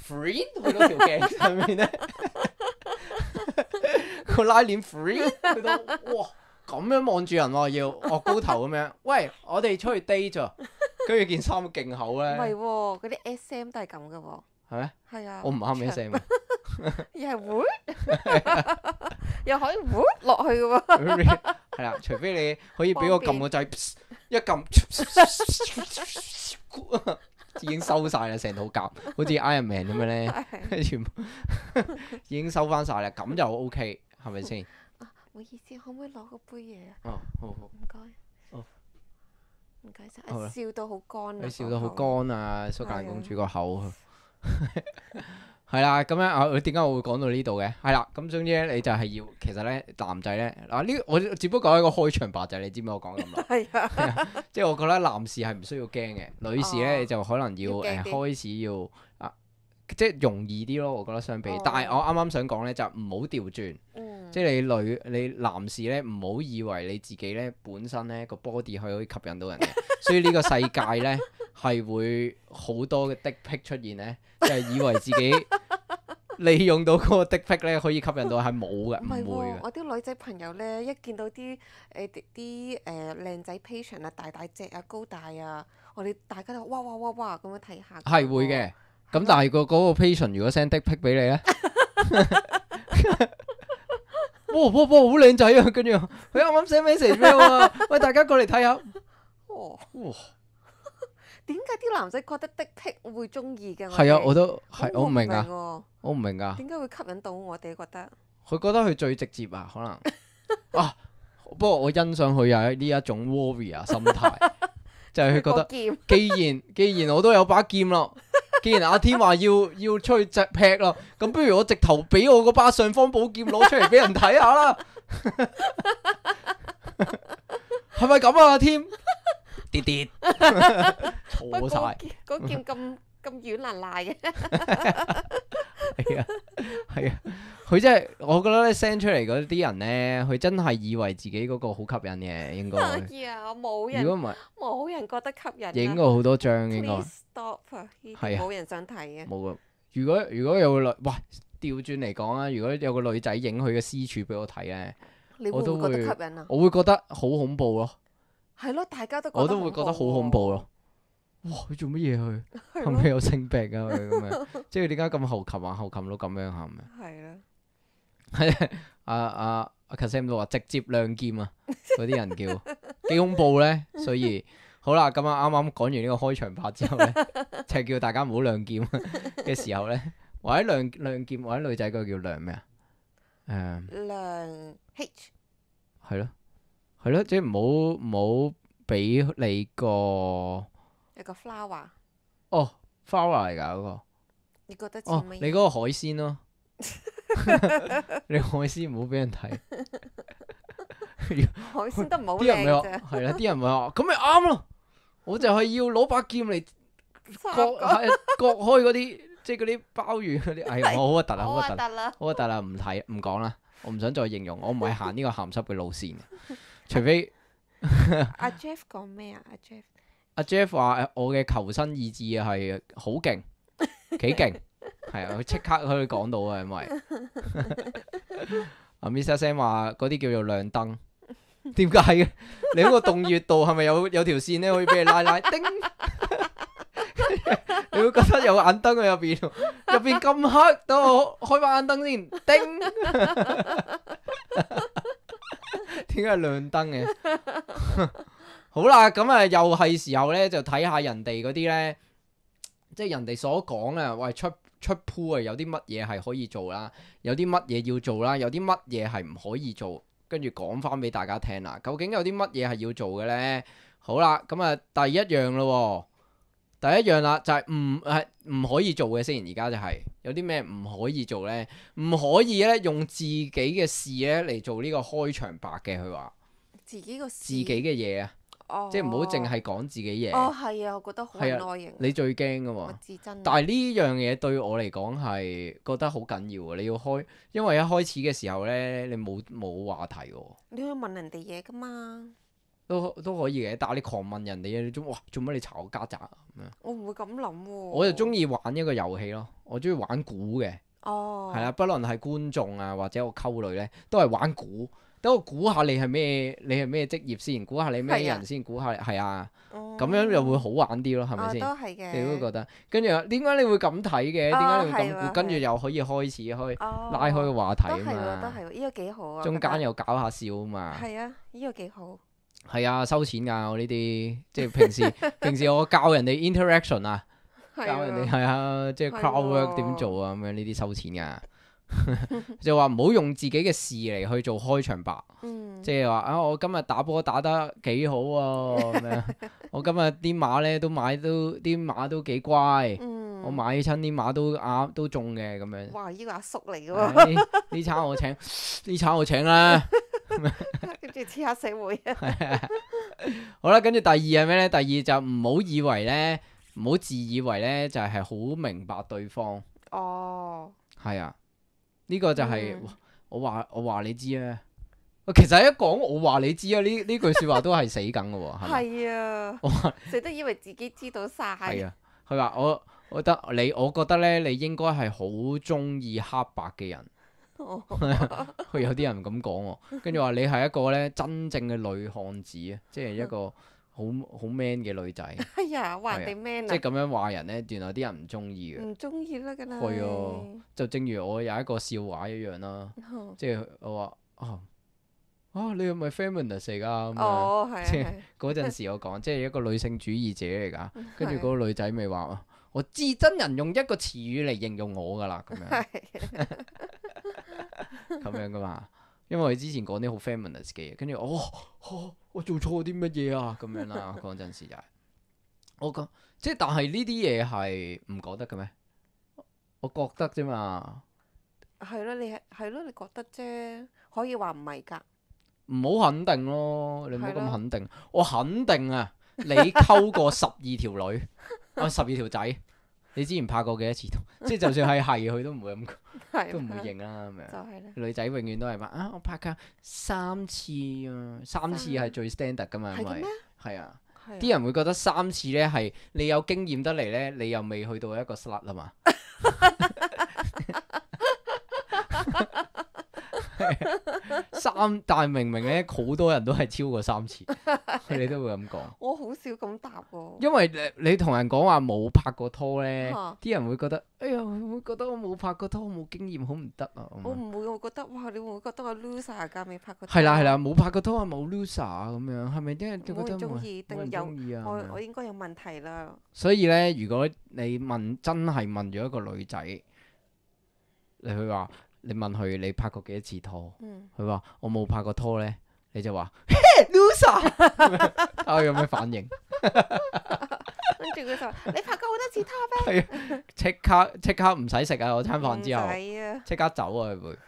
free 佢嗰條鏡上面咧，個拉鏈 free 佢，都哇咁樣望住人喎，要、哦、戇高頭咁樣。喂，我哋出去 date，跟住件衫勁好咧。唔係喎，嗰啲 SM 都係咁嘅喎。係咩嗎？係啊。我唔啱嘅 SM。 又會 是 would ?， 又可以會落去嘅喎。係啦，除非你可以俾我撳個掣，一撳。 已經收晒啦，成套夾好似 Iron Man 咁樣咧，全 已經收翻晒啦，咁就 OK，係咪先？啊，唔好意思，可唔可以攞個杯嘢啊？哦，好好，唔該。哦，唔該曬，笑到、啊、好乾了話你笑到好乾啊，蘇格蘭公主個口，好、啊、～ 係啦，咁樣啊，你點解我會講到呢度嘅？係啦，咁總之咧，你就係要其實咧，男仔咧，嗱、啊、呢，我只不過講一個開場白就係你知唔知我講咁耐？即係 我覺得男士係唔需要驚嘅，女士咧、哦、就可能要誒、呃、開始要啊，即、就、係、是、容易啲咯，我覺得相比。哦、但係我啱啱想講咧就唔好調轉，即係、嗯、你女你男士咧唔好以為你自己咧本身咧個 body 可以吸引到人嘅， 所以呢個世界咧係會好多嘅的癖出現咧，就係、是、以為自己。 利用到嗰個釘劈咧，可以吸引到係冇嘅，唔會嘅。我啲女仔朋友咧，一見到啲誒啲誒靚仔 patient 啊，大大隻啊，高大啊，我哋大家都哇哇哇哇咁樣睇下。係會嘅。咁但係個嗰個 patient 如果 send 釘劈俾你咧，哇哇哇好靚仔啊！跟住佢啱啱 send message 俾我啊，喂大家過嚟睇下。哇哇！點解啲男仔覺得的癖會中意嘅？係啊，我都係，我唔明，我唔明啊，我唔明啊。點解會吸引到我哋覺得？佢覺得佢最直接啊，可能 啊。不過我欣賞佢有呢一種 warrior 心態， 就係佢覺得劍既然既然我都有把劍咯，既然阿添話要要出去劈劈咯，咁不如我直頭俾我嗰把尚方寶劍攞出嚟俾人睇下啦。係咪咁啊？阿添？跌跌， 坐晒了。嗰 件咁咁軟爛爛嘅。係啊，係 啊。 佢真係，我覺得咧 send 出嚟嗰啲人咧，佢真係以為自己嗰個好吸引嘅，應該。可以啊，冇人。如果唔係冇人覺得吸引。影過好多張應該。Please stop 啊！係啊，冇人想睇嘅。冇啊！如果如果有個女，喂，調轉嚟講啊！如果有個女仔影佢嘅私處俾我睇咧，我都覺得吸引啊！我會覺得好恐怖咯。係咯，大家都我都會覺得好恐怖咯！哇，佢做乜嘢佢，係咪有性病啊？咁樣，即係點解咁後擒啊？後擒到咁樣，喊？咪？係啊，係阿阿阿 Kasem 都話直接亮劍啊！嗰啲 人叫幾恐怖咧。所以好啦，今日啱啱講完呢個開場白之後咧， 就叫大家唔好亮劍嘅時候咧，或者亮亮劍，或者女仔嗰個叫亮咩啊？誒、嗯，亮 H 係咯。對話係咯，即係唔好唔好俾你個一個 flower 哦，flower 嚟噶嗰個。你覺得？哦，你嗰個海鮮咯，你海鮮唔好俾人睇。海鮮都唔好靚咋。係啦，啲人咪話咁咪啱咯。我就係要攞把劍嚟割，係割開嗰啲即係嗰啲鮑魚嗰啲，哎呀，好核突啊，好核突啦，好核突啦，唔睇唔講啦，我唔想再形容，我唔係行呢個鹹濕嘅路綫。除非阿 Jeff 講咩啊？阿 Jeff 阿 Jeff 話：我嘅求生意志係好勁，幾勁，係啊！佢即刻可以講到啊，因為阿 Mr Sam 話嗰啲叫做亮燈，點解嘅？你嗰個洞穴度係咪有有條線咧，可以俾你拉拉？叮！你會覺得有個眼燈喺入邊，入邊咁黑，等我開翻眼燈先，叮！點解係亮燈嘅？ 好啦，咁啊，又係時候咧，就睇下人哋嗰啲咧，即係人哋所講咧，喂，出出 pool 啊，有啲乜嘢係可以做啦，有啲乜嘢要做啦，有啲乜嘢係唔可以做，跟住講翻俾大家聽啦。究竟有啲乜嘢係要做嘅咧？好啦，咁啊、哦，第一樣咯，第一樣啦，就係唔係唔可以做嘅，雖然而家就係、是。有啲咩唔可以做呢？唔可以咧用自己嘅事咧嚟做呢個開場白嘅。佢話自己嘅事，自己嘅嘢啊，哦、即係唔好淨係講自己嘢。哦，係啊，我覺得好內型。你最驚㗎嘛？但係呢樣嘢對我嚟講係覺得好緊要。你要開，因為一開始嘅時候呢，你冇冇話題喎。你可以問人哋嘢㗎嘛？都都可以嘅，但係你狂問人哋嘅，你做哇做乜你查家宅啊咁樣？我唔會咁諗喎。我就中意玩一個遊戲咯，我中意玩估嘅。哦。係啦，不論係觀眾啊或者我溝女咧，都係玩估，等我估下你係咩，你係咩職業先，估下你咩人先，估下係啊，咁樣又會好玩啲咯，係咪先？你會覺得？跟住點解你會咁睇嘅？點解你會咁估？跟住又可以開始去拉開個話題啊嘛。都係喎，都係喎，呢個幾好啊。中間又搞下笑啊嘛。係啊，呢個幾好。係啊，收錢㗎我呢啲，即係平時 平時我教人哋 interaction 啊， 教人哋係啊，即係 crowdwork 點 做啊咁樣，呢啲收錢㗎， 就話唔好用自己嘅事嚟去做開場白，即係話啊，我今日打波打得幾好喎、啊， 我今日啲馬咧都買都啲馬都幾乖，嗯、我買一親啲馬都啱、啊、都中嘅咁樣。哇！呢個阿叔嚟㗎喎，呢 餐、哎、我請，呢餐我請啦。 跟住黐黑社會啊，好啦，跟住第二係咩呢？第二就唔好以為呢，唔好自以為呢，就係、是、好明白對方。哦，係啊，呢、這個就係、是嗯、我話我話你知啊。其實一講我話你知 啊，呢呢句説話都係死梗嘅喎。係啊，我淨係得以為自己知道晒。係啊，佢話我覺得你，我覺得呢，你應該係好中意黑白嘅人。佢 有啲人咁講，跟住話你係一個咧真正嘅女漢子女、哎、的啊，即係一個好好 man 嘅女仔。係啊，話人哋 man，即係咁樣話人咧，原來啲人唔中意嘅，唔中意啦，噶啦。係哦，就正如我有一個笑話一樣啦，哦、即係我話啊啊，你係咪 feminist 嚟噶？哦，係啊是的，即係嗰陣時我講，即係一個女性主義者嚟噶。跟住嗰個女仔咪話：的我至憎人用一個詞語嚟形容我噶啦，咁樣。 咁 樣噶嘛？因為之前講啲好 feminist 嘅嘢，跟住哦,哦，我做錯啲乜嘢啊？咁樣啦，嗰陣時就係我講，即係但係呢啲嘢係唔講得嘅咩？我覺得啫嘛，係咯，你係係咯，你覺得啫，可以話唔係噶？唔好肯定咯，你唔好咁肯定。我肯定啊，你溝過十二條女，十二條仔，你之前拍過幾多次拖？ 即係就算係係，佢都唔會咁 都唔會認啦咁樣， 呢女仔永遠都係話啊，我拍卡，三次啊，三次係最 standard 噶嘛，係咪？ 咩？啊，啲、啊、人會覺得三次呢係你有經驗得嚟呢，你又未去到一個 slot 啊嘛。 三，但明明咧，好多人都係超過三次，你 都會咁講。我好少咁答喎、啊，因為你同人講話冇拍過拖咧，啲、啊、人會覺得，哎呀，會唔會覺得我冇拍過拖，冇經驗，好唔得啊！我唔會，我覺得哇，你會唔會覺得我 loser 噶？未拍過係啦係啦，冇拍過拖啊，冇 loser 啊，咁樣係咪？因為唔中意定中意我，我應該有問題啦。所以咧，如果你問真係問咗一個女仔，你去話。你問佢你拍過幾多次拖？佢話、嗯、我冇拍過拖呢。」你就話，loser，睇佢有咩反應？ 跟住佢就話你拍過好多次拖咩？即 刻即刻唔使食啊，我餐飯之後，即、啊、刻走啊，佢會。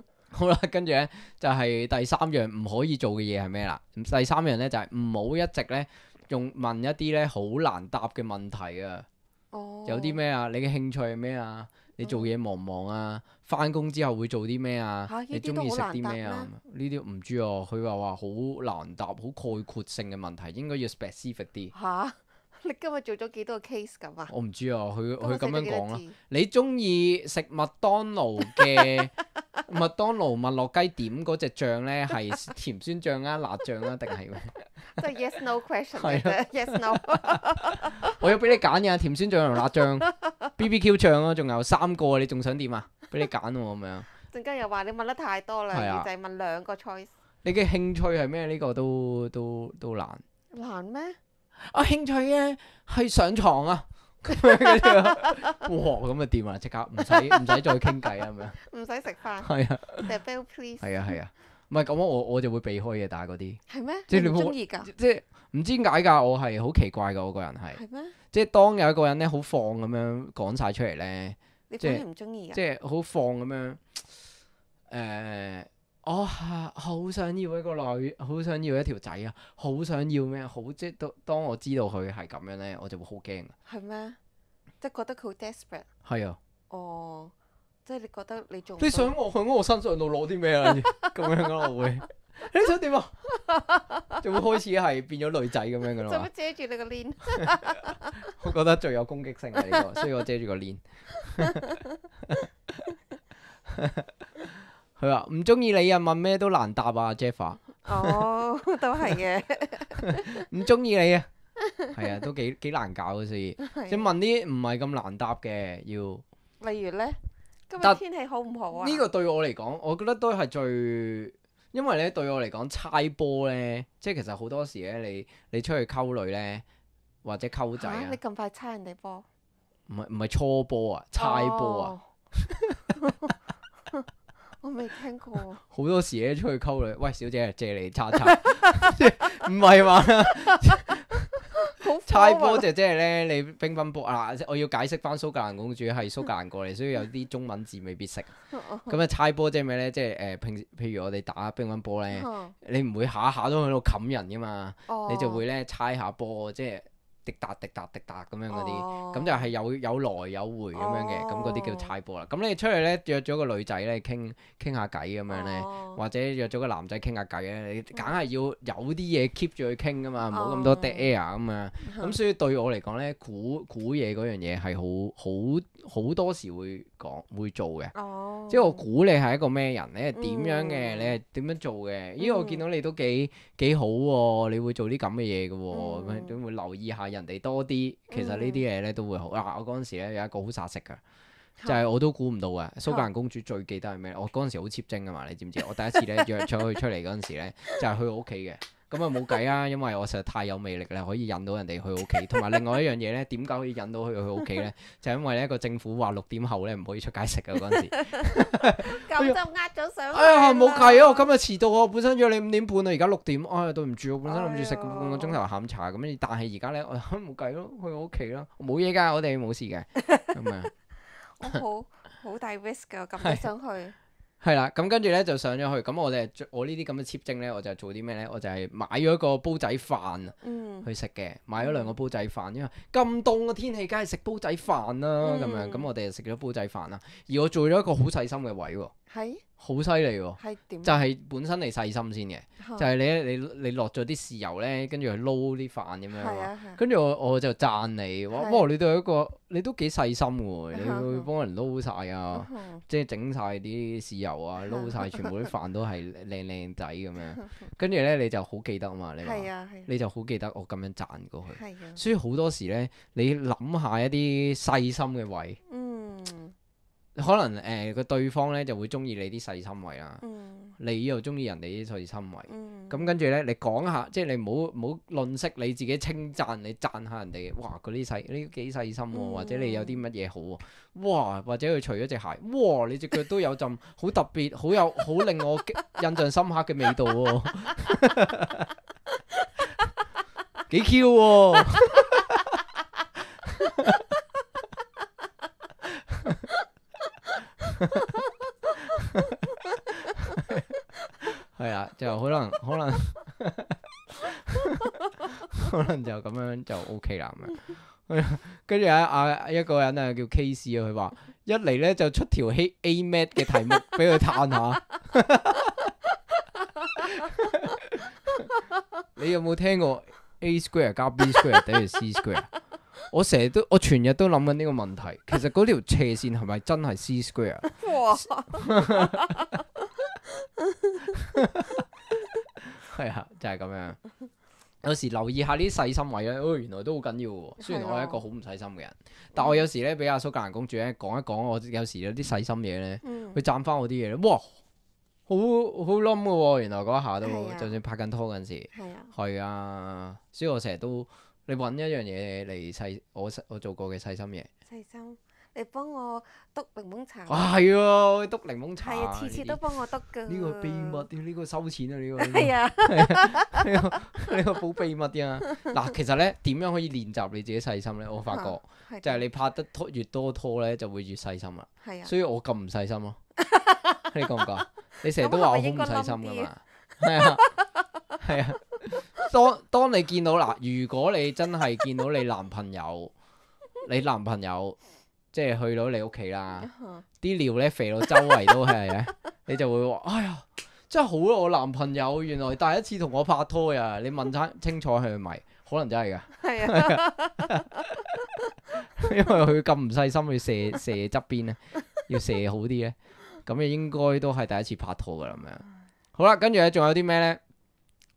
好啦，跟住呢，就係、是、第三樣唔可以做嘅嘢係咩啦？第三樣呢，就係唔好一直呢，用問一啲呢好難答嘅問題啊。哦、有啲咩啊？你嘅興趣係咩啊？你做嘢忙唔忙啊？翻工之後會做啲咩啊？你中意食啲咩啊？呢啲唔知哦、啊，佢話話好難答，好概括性嘅問題，應該要 specific 啲。啊你今日做咗幾多個 case 㗎啊，我唔知啊，佢佢咁樣講啦。你中意食麥當勞嘅麥當勞麥樂雞點嗰隻醬咧？係甜酸醬啊？辣醬啊？定係即係 Yes No question Yes No。我有俾你揀啊，甜酸醬同辣醬、BBQ 醬啊，仲有三個，你仲想點啊？俾你揀喎咁樣。陣間又話你問得太多啦，你就係問兩個 choice。你嘅興趣係咩？呢個都都都難。難咩？我、啊、興趣咧、啊、係上床啊，咁樣嘅啫。咁啊掂啊？即刻唔使唔使再傾偈啊，咁樣。唔使食飯。係啊。The bell, please。係啊係啊，唔係咁我我就會避開嘅，打嗰啲。係咩嗎？即係你好中意㗎？即係唔知點解㗎？我係好奇怪㗎，我個人係。係咩嗎？即係當有一個人咧，好放咁樣講晒出嚟咧。你反而唔中意。即係好放咁樣。誒、呃。我好、哦、想要一個女，好想要一條仔啊！好想要咩？好即到當我知道佢係咁樣咧，我就會好驚。係咩？即覺得佢好 desperate。係啊。哦，即係你覺得你做？你想我響我身上度攞啲咩啊？咁 樣噶我會， 你想點啊？就 會開始係變咗女仔咁樣噶咯！嘛。做乜遮住你個鏈？ 我覺得最有攻擊性係呢、這個，所以我遮住個鏈。 佢話唔中意你啊，問咩都難答啊，Jeff 啊。 哦，都係嘅。唔中意你啊，係啊，都幾幾難搞嘅事。即、啊、問啲唔係咁難答嘅，要例如咧，今日天，天氣好唔好啊？呢個對我嚟講，我覺得都係最，因為咧對我嚟講，猜波咧，即其實好多時咧，你你出去溝女咧，或者溝仔啊，啊你咁快猜人哋波？唔係唔係初波啊，猜波啊。哦 我未聽過。好多時咧，出去溝女，喂，小姐借你叉叉，唔係嘛？ 猜波即係咧，你乒乓波啊！我要解釋翻蘇格蘭公主係蘇格蘭過嚟，所以有啲中文字未必識。咁啊、 就是，猜波即係咩咧？即係誒，平時，譬如我哋打乒乓波咧， 你唔會下下都喺度冚人噶嘛？ 你就會咧猜下波即係。就是滴答滴答滴答咁、oh. 樣嗰啲，咁就係有有來有回咁樣嘅，咁嗰啲叫猜波啦。咁你出去咧約咗個女仔咧傾傾下偈咁樣咧，oh. 或者約咗個男仔傾下偈咧，你梗係要有啲嘢 keep 住去傾噶嘛，冇咁、oh. 多 dead air 咁樣，咁所以對我嚟講咧，估估嘢嗰樣嘢係好好好多時會講會做嘅。Oh. 即係我估你係一個咩人咧？點樣嘅？你係點樣嘅？你係點、mm. 樣做嘅？咦，我見到你都幾幾好喎、啊，你會做啲咁嘅嘢嘅喎，點、mm. 嗯、會留意下。人哋多啲，其實呢啲嘢咧都會好。嗱、啊，我嗰陣時咧有一個好煞食嘅，嗯、就係我都估唔到嘅。蘇格蘭公主最記得係咩？嗯、我嗰陣時好切精嘅嘛，你知唔知？我第一次咧 約咗佢出嚟嗰陣時咧，就係、是、去我屋企嘅。咁啊冇計啊，因為我實在太有魅力啦，可以引到人哋去屋企。同埋另外一樣嘢咧，點解可以引到佢去屋企咧？ 就因為咧個政府話六點後咧唔可以出街食嘅嗰陣時，咁就呃咗上。哎呀，冇計啊！我今日遲到啊，哎，我本身約你五點半啊，而家六點，哎呀對唔住，我本身諗住食半個鐘頭下午茶咁樣，但係而家咧，我冇計咯，去我屋企咯，冇嘢㗎，我哋冇事嘅。咁啊，我好好大 risk 嘅，我撳去。 係啦，咁跟住咧就上咗去，咁我哋我呢啲咁嘅 cheap 精咧，我就做啲咩咧？我就係買咗個煲仔飯啊，去食嘅，買咗兩個煲仔飯，因為咁凍嘅天氣，梗係食煲仔飯啦，啊，咁、嗯、樣，咁我哋就食咗煲仔飯啦，而我做咗一個好細心嘅位喎，哦。好犀利喎！就係本身你細心先嘅，就係你你你落咗啲豉油呢，跟住去撈啲飯咁樣。跟住我我就讚你，哇！你都有一個，你都幾細心喎！你會幫人撈晒啊，即係整晒啲豉油啊，撈晒全部啲飯都係靚靚仔咁樣。跟住呢，你就好記得嘛，你話，你就好記得我咁樣讚過去。所以好多時呢，你諗下一啲細心嘅位。可能誒個、呃、對方咧就會中意你啲細心位啦，嗯、你又中意人哋啲細心位，咁、嗯、跟住咧你講下，即係你唔好唔好吝嗇你自己稱讚，你讚下人哋，哇！嗰啲細，啲幾細心喎、啊，嗯、或者你有啲乜嘢好喎、啊，哇！或者佢除咗隻鞋，哇！你隻腳都有陣好特別，好有好令我印象深刻嘅味道喎、啊，幾 Q 喎！ 係啊，就可能可能可能就咁樣就 OK 啦咁樣。跟住阿阿一個人啊叫 KC 啊，佢話一嚟咧就出條 A-Math 嘅題目俾佢嘆下。你有冇聽過 A square 加 B square 等於 C square？我成日都，我全日都諗緊呢個問題。其實嗰條斜線係咪真係 C square？哇！係 啊，就係、是、咁樣。有時留意下呢啲細心位咧，哦，原來都好緊要喎。雖然我係一個好唔細心嘅人，的但我有時咧，俾阿蘇格蘭公主咧講一講，我有時有啲細心嘢咧，佢讚翻我啲嘢咧，哇，好好冧嘅、哦、原來嗰下都，的就算拍緊拖嗰陣時，係啊的，所以我成日都。你揾一樣嘢嚟細我細我做過嘅細心嘢。細心，你幫我篤檸檬茶。啊係喎，篤、啊、檸檬茶。係啊，次次都幫我篤㗎。呢個秘密，呢、這個收錢啊，呢、這個。係啊、 這個。呢、這個呢個保秘密啊。嗱、啊，其實咧點樣可以練習你自己細心咧？我發覺就係你拍得拖越多拖咧，就會越細心啦。所以我咁唔細心咯、啊。你覺唔覺？你成日都話我好唔細心㗎嘛？係啊嗎。係啊。當當你見到嗱，如果你真係見到你男朋友，你男朋友即係去到你屋企啦，啲尿咧肥到周圍都係咧， 你就會話：哎呀，真係好啊！我男朋友原來第一次同我拍拖啊！你問得清楚佢咪？可能真係噶，係啊，因為佢咁唔細心去射射側邊咧，要射好啲咧，咁亦應該都係第一次拍拖噶啦，咁樣！好啦，跟住咧仲有啲咩咧？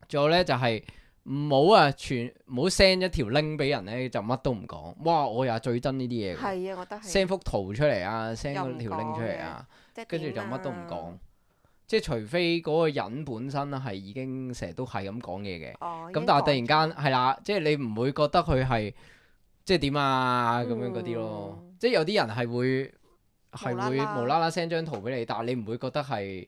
仲有咧就係唔好啊，全唔好 send 一條 link 俾人咧，就乜都唔講。哇！我又最憎呢啲嘢。係啊，send 幅圖出嚟啊，send 條 link 出嚟啊，跟住、啊、就乜都唔講。啊、即係除非嗰個人本身啦，係已經成日都係咁講嘢嘅。哦。咁但係突然間係、嗯、啦，即係你唔會覺得佢係即係點啊咁樣嗰啲咯。嗯、即係有啲人係會係會無啦啦 send 張圖俾你，但係你唔會覺得係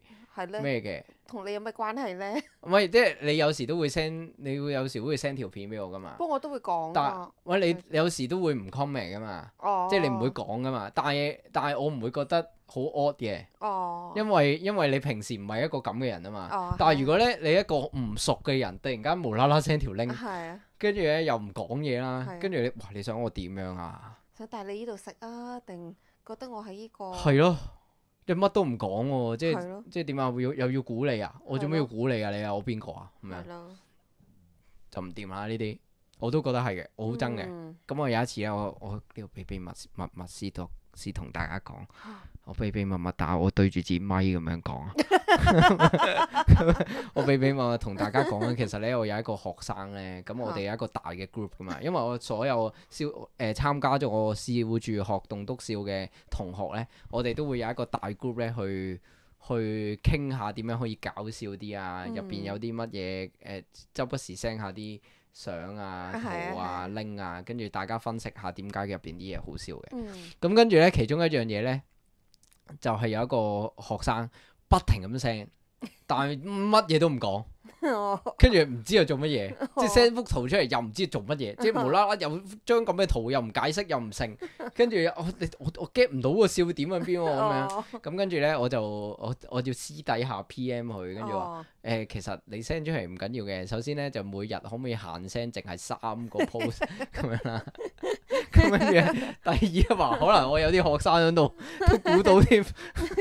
咩嘅。嗯同你有咩關係呢？唔係，即係你有時都會 send，你會有時會 send 條片俾我噶嘛。不過我都會講啊。喂，你有時都會唔 comment 噶嘛？哦。即係你唔會講噶嘛？但係但係我唔會覺得好 odd 嘅。哦。因為因為你平時唔係一個咁嘅人啊嘛。哦。但係如果咧你一個唔熟嘅人突然間無啦啦 send 條 link，係啊。跟住咧又唔講嘢啦，跟住你，哇你想我點樣啊？想但係你呢度識啊？定覺得我喺呢個？係咯。你乜都唔講喎，即係即係點對了 啊，啊？要又要估你啊？我做咩要估你啊？你我邊個啊？咁樣就唔掂啦！呢啲我都覺得係嘅，我好憎嘅。咁、嗯嗯、我有一次咧、啊，我我呢個秘密密密斯同私同大家講。noite assumes hmm 我秘秘密密打，我對住支咪咁樣講。我秘秘密密同大家講咧，其實咧我有一個學生咧，咁我哋有一個大嘅 group 噶嘛。因為我所有少誒參加咗我師傅住學棟篤笑嘅同學咧，我哋都會有一個大 group 咧去去傾下點樣可以搞笑啲啊。入邊有啲乜嘢誒？周不時 send 下啲相啊、圖啊、拎啊，跟住大家分析下點解入邊啲嘢好笑嘅。咁跟住咧，其中一樣嘢咧。就係有一個學生不停咁 send，但係乜嘢都唔講，跟住唔知佢做乜嘢，即係 send 幅圖出嚟又唔知做乜嘢，即係無啦啦又張咁嘅圖又唔解釋又唔剩。跟住、哦、我我我 get 唔到個笑點喺邊咁樣，咁跟住咧我就我我要私底下 PM 佢，跟住話。誒，其實你 send 出嚟唔緊要嘅。首先咧，就每日可唔可以限 send 淨係三個 post 咁 樣啦。咁跟住第二話，可能我有啲學生喺度都估到添。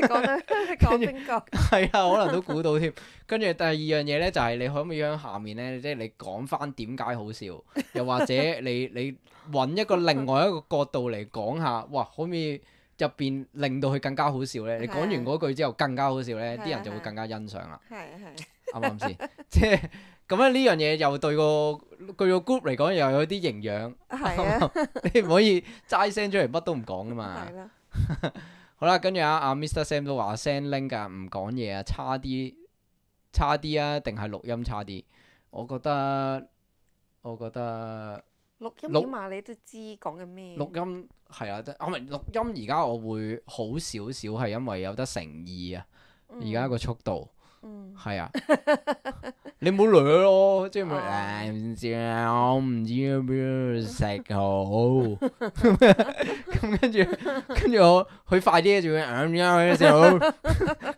係啊，可能都估到添。跟住 第二樣嘢咧，就係你可唔可以喺下面咧，即係你講翻點解好笑？又或者你你揾一個另外一個角度嚟講下，哇，可唔可以入邊令到佢更加好笑咧？你講完嗰句之後更加好笑咧，啲 人就會更加欣賞啦。係啊，啱啱先？即係咁樣呢樣嘢又對個佢個 group 嚟講又有啲營養。係你唔可以齋 send 出嚟，乜都唔講噶嘛。 好啦，跟住啊啊 Mr. Sam 都話 send link 㗎，唔講嘢啊，差啲差啲啊，定係錄音差啲？我覺得我覺得錄音起碼錄錄你都知講緊咩。錄音係啊，真啊唔係錄音，而家我會好少少係因為有得誠意啊，而家個速度。係 啊，你唔好掠咯，即係唔、就是啊、知我唔知邊度食好，咁跟住跟住我佢快啲，仲要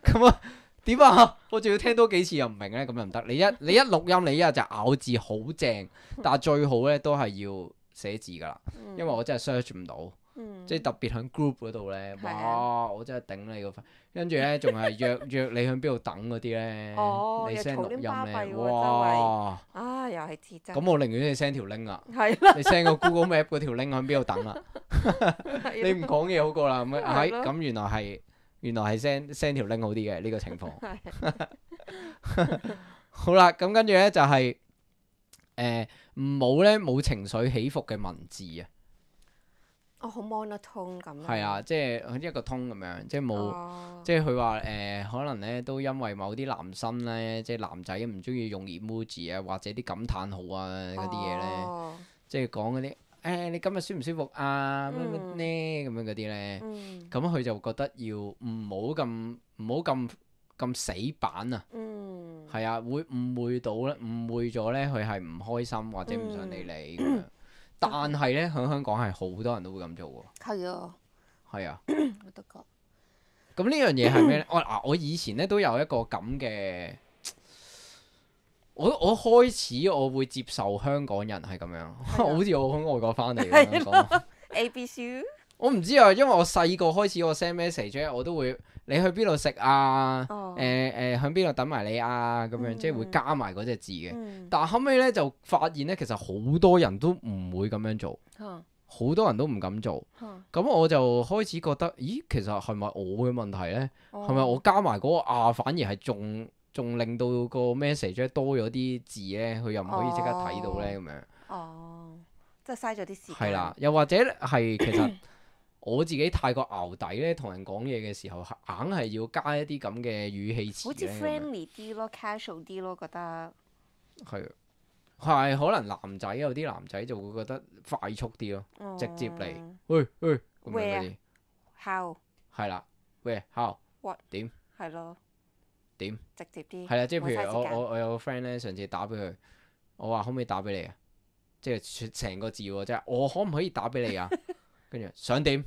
咁啊？點啊，啊，啊？我仲要聽多幾次又唔明咧，咁又唔得。你一你一錄音，你一就咬字好正，但係最好咧都係要寫字噶啦，因為我真係 search 唔到。即係特別喺 group 嗰度咧，哇！我真係頂你個肺。跟住咧仲係約約你喺邊度等嗰啲咧，你 send 錄音咧，哇！啊，又係節奏咁，我寧願你 send 條 link 啊，你 send 個 Google Map 嗰條 link 喺邊度等啊，你唔講嘢好過啦，咁喺咁原來係原來係 send send 條 link 好啲嘅呢個情況，好啦，咁跟住咧就係誒，冇咧冇情緒起伏嘅文字啊。哦，好 monotone 咁。係啊，即係一個通咁樣，即係冇，oh. 即係佢話誒，可能咧都因為某啲男生咧，即係男仔唔中意用 emoji 啊，或者啲感嘆號啊嗰啲嘢咧，呢 oh. 即係講嗰啲誒，你今日舒唔舒服啊？咩咩咧咁樣嗰啲咧，咁佢、嗯、就覺得要唔好咁唔好咁咁死板啊，係、嗯、啊，會誤會到咧，誤會咗咧，佢係唔開心或者唔想理你咁樣。 但係咧，喺香港係好多人都會咁做喎。係 啊，係啊，我都覺。咁 呢樣嘢係咩咧？我嗱， 我以前咧都有一個咁嘅，我我開始我會接受香港人係咁樣， 好似我喺外國翻嚟咁樣講 A B C，我唔知啊，因為我細個開始我 send message 我都會。你去邊度食啊？誒誒、oh. 呃，響邊度等埋你啊？咁樣、mm hmm. 即係會加埋嗰隻字嘅。Mm hmm. 但後尾咧就發現咧，其實好多人都唔會咁樣做，好 Huh. 多人都唔敢做。咁 Huh. 我就開始覺得，咦，其實係咪我嘅問題咧？係咪、oh. 我加埋嗰個啊，反而係仲仲令到個 message 多咗啲字咧？佢又唔可以刻 oh. Oh. 即刻睇到咧咁樣。哦，即係嘥咗啲時間。係啦，又或者係其實。 我自己太過淆底咧，同人講嘢嘅時候，硬係要加一啲咁嘅語氣詞。好似 friendly 啲咯，casual 啲咯，覺得係啊，係可能男仔有啲男仔就會覺得快速啲咯，直接嚟，喂喂咁樣嗰啲。How？係啦，喂 How？What？點？係咯，點？直接啲。係啦，即係譬如我我我有個 friend 咧，上次打俾佢，我話可唔可以打俾你啊？即係成個字，即係我可唔可以打俾你啊？跟住想點？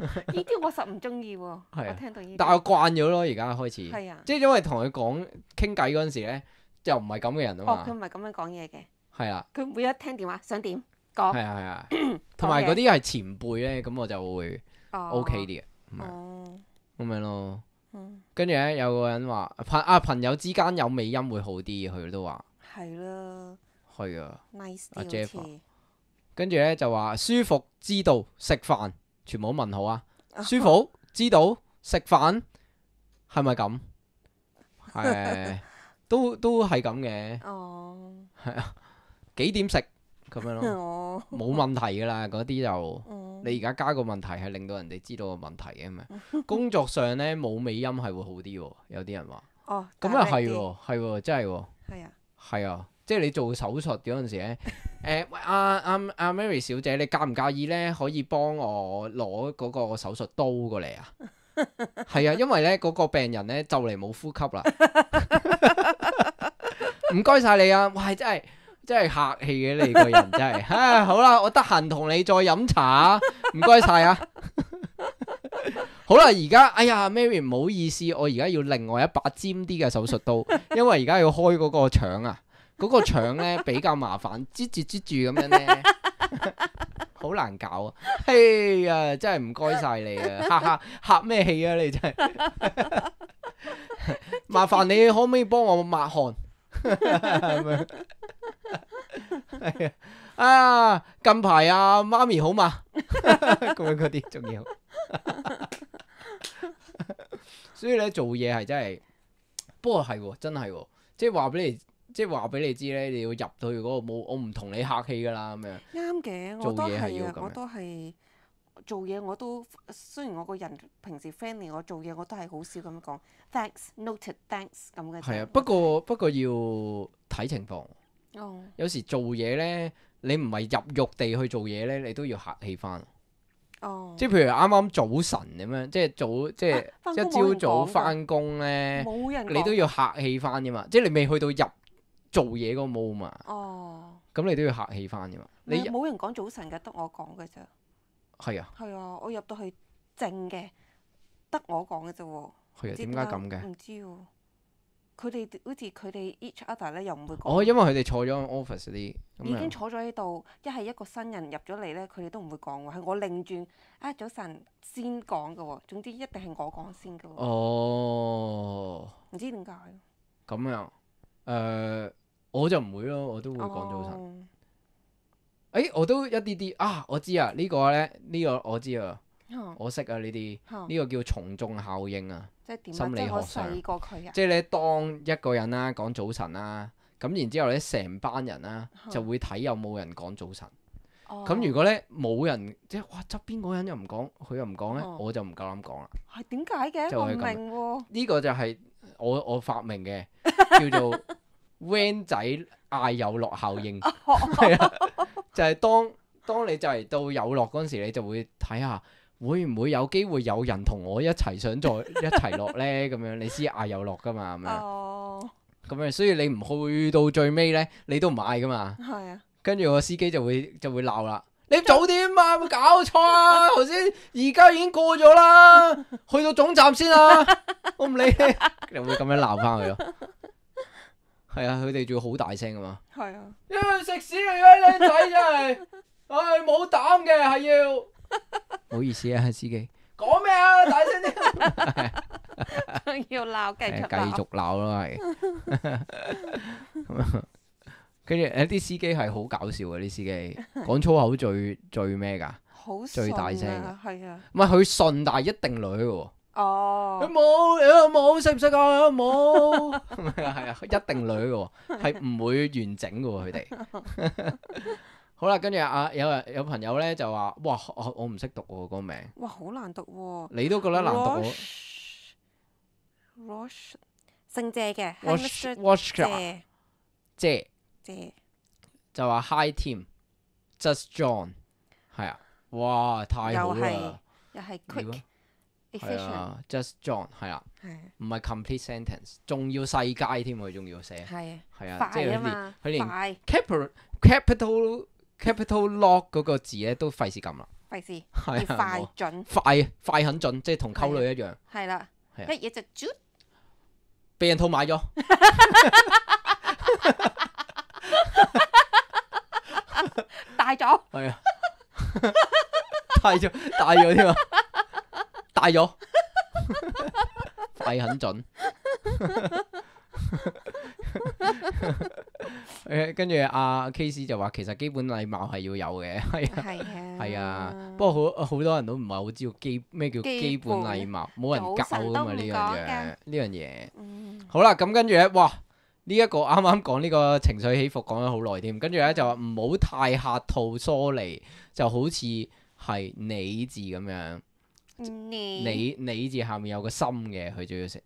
呢啲我實唔中意喎。係聽到呢，但係我慣咗咯。而家開始係啊，即係因為同佢講傾偈嗰陣時咧，就唔係咁嘅人啊嘛。哦，佢唔係咁樣講嘢嘅。係啊。佢每一聽電話想點講？係啊係啊。同埋嗰啲係前輩咧，咁我就會 OK 啲嘅。哦，咁樣咯。跟住咧，有個人話朋啊朋友之間有美音會好啲，佢都話係咯，係啊，nice 啲好似。跟住呢，就話舒服知道食飯全部問好啊，舒服知道食飯係咪咁？係都都係咁嘅。哦。係啊，幾點食咁樣咯？冇問題噶啦，嗰啲就你而家加個問題係令到人哋知道個問題嘅咩？是是嗯、工作上呢，冇尾音係會好啲，有啲人話。哦。咁又係喎，係喎，真係喎。係係啊。即係你做手術嗰陣時咧，誒、欸，阿阿阿 Mary 小姐，你介唔介意咧？可以幫我攞嗰個手術刀過嚟啊？係 啊，因為咧嗰、嗰個病人咧就嚟冇呼吸啦。唔該晒你啊！喂，真係真係客氣嘅你個人，真係。唉，好啦，我得閒同你再飲茶。唔該晒啊。啊 好啦，而家，哎呀，Mary，唔好意思，我而家要另外一把尖啲嘅手術刀，因為而家要開嗰個腸啊。嗰個腸咧比較麻煩，擠住擠住咁樣咧，好 難搞啊！哎、hey, 呀、啊，真係唔該晒你啊！哈哈，客咩氣啊？你真係， 麻煩你可唔可以幫我抹汗？係 啊不是， 啊，近排啊，媽咪好嘛？咁樣嗰啲仲要。所以咧做嘢係真係，不過係、啊、真係、啊，即係話俾你。即係話俾你知咧，你要入到去嗰個冇，我唔同你客氣㗎啦咁樣。啱嘅，我都係啊，我都係做嘢我都雖然我個人平時 friendly，我做嘢我都係好少咁樣講 thanks noted thanks 咁嘅。係啊，不過、就係、不過要睇情況。哦、有時做嘢咧，你唔係入獄地去做嘢咧，你都要客氣翻、哦。即係譬如啱啱早晨咁樣，即係早即係一朝早翻工咧，啊、冇人你都要客氣翻㗎嘛？即係你未去到入。做嘢嗰個 mode 嘛，哦，咁你都要客氣翻㗎嘛。你冇人講早晨㗎，得我講㗎咋？係啊。係啊，我入到去靜嘅，得我講嘅啫喎。係啊，點解咁嘅？唔知喎、啊，佢哋好似佢哋 each other 咧，又唔會講。哦，因為佢哋坐咗喺 office 嗰啲，已經坐咗喺度。一係一個新人入咗嚟咧，佢哋都唔會講喎，係我擰轉啊早晨先講㗎喎。總之一定係我講先㗎喎。哦、oh。唔知點解？咁、呃、樣，誒。我就唔會咯，我都會講早晨。誒，我都一啲啲啊，我知啊，呢個咧，呢個我知啊，我識啊呢啲，呢個叫從眾效應啊。即係點啊？心理學上。就可細過佢啊，即係咧，當一個人啦講早晨啦，咁然之後咧，成班人啦就會睇有冇人講早晨。咁如果呢，冇人，即係哇側邊嗰人又唔講，佢又唔講呢，我就唔夠膽講啦。係點解嘅？就係咁。我唔明喎。呢個就係我我發明嘅，叫做。van 仔嗌有落效應，係 啊，就係當當你就嚟到有落嗰時，你就會睇下會唔會有機會有人同我一齊想再一齊落咧？咁樣你先嗌有落噶嘛？咁樣、哦，咁樣所以你唔去到最尾咧，你都唔嗌噶嘛？係啊，跟住個司機就會就會鬧啦。你早啲啊嘛，有冇搞錯啊！頭先而家已經過咗啦，去到總站先啦、啊。我唔理你， 你會咁樣鬧翻佢咯？係啊，佢哋仲要好大聲啊嘛！係啊，因為食屎嘅啲靚仔真係，唉冇膽嘅係要，唔好意思啊，司機。講咩啊？大聲啲，要鬧繼續，繼續鬧咯係。跟住有啲司機係好搞笑嘅，啲司機講粗口最最咩噶？好，最大聲嘅係啊，唔係佢順，但係一定女嘅。哦，佢冇，oh，佢冇，識唔識啊？佢冇，係啊，一定女嘅，係唔會完整嘅。佢哋好啦，跟住啊，有有朋友咧就話，哇，我我唔識讀啊那個名，哇，好難讀啊。你都覺得難讀？Wash 姓謝嘅，謝謝，就話 Hi Tim，Just John，係啊，Wash, Wash, Wash, Hi, Hi, 嗯、哇，太好啦，又係又係啊，just John 係啦，唔係 complete sentence，仲要細楷添，佢仲要寫，係啊，快啊嘛，佢連 cap capital capital lock 嗰個字咧都費事撳啦，費事，係啊，快準，快快狠準，即係同溝女一樣，係啦，乜嘢就，被人套買咗，大咗，係啊，大咗大咗添啊！解咗，快， 肥很準 okay,、啊。跟住阿 Casey 就話，其實基本禮貌係要有嘅，係啊，係啊，不過、啊、好好多人都唔係好知道基咩叫基本禮貌，冇本人教、嗯、啊嘛呢樣嘢，呢樣嘢。好啦，咁跟住咧，哇，呢、這、一個啱啱講呢個情緒起伏講咗好耐添，跟住呢，就話唔好太客套疏離，就好似係你字咁樣。你你，你字下面有個心嘅，佢就要食。咁、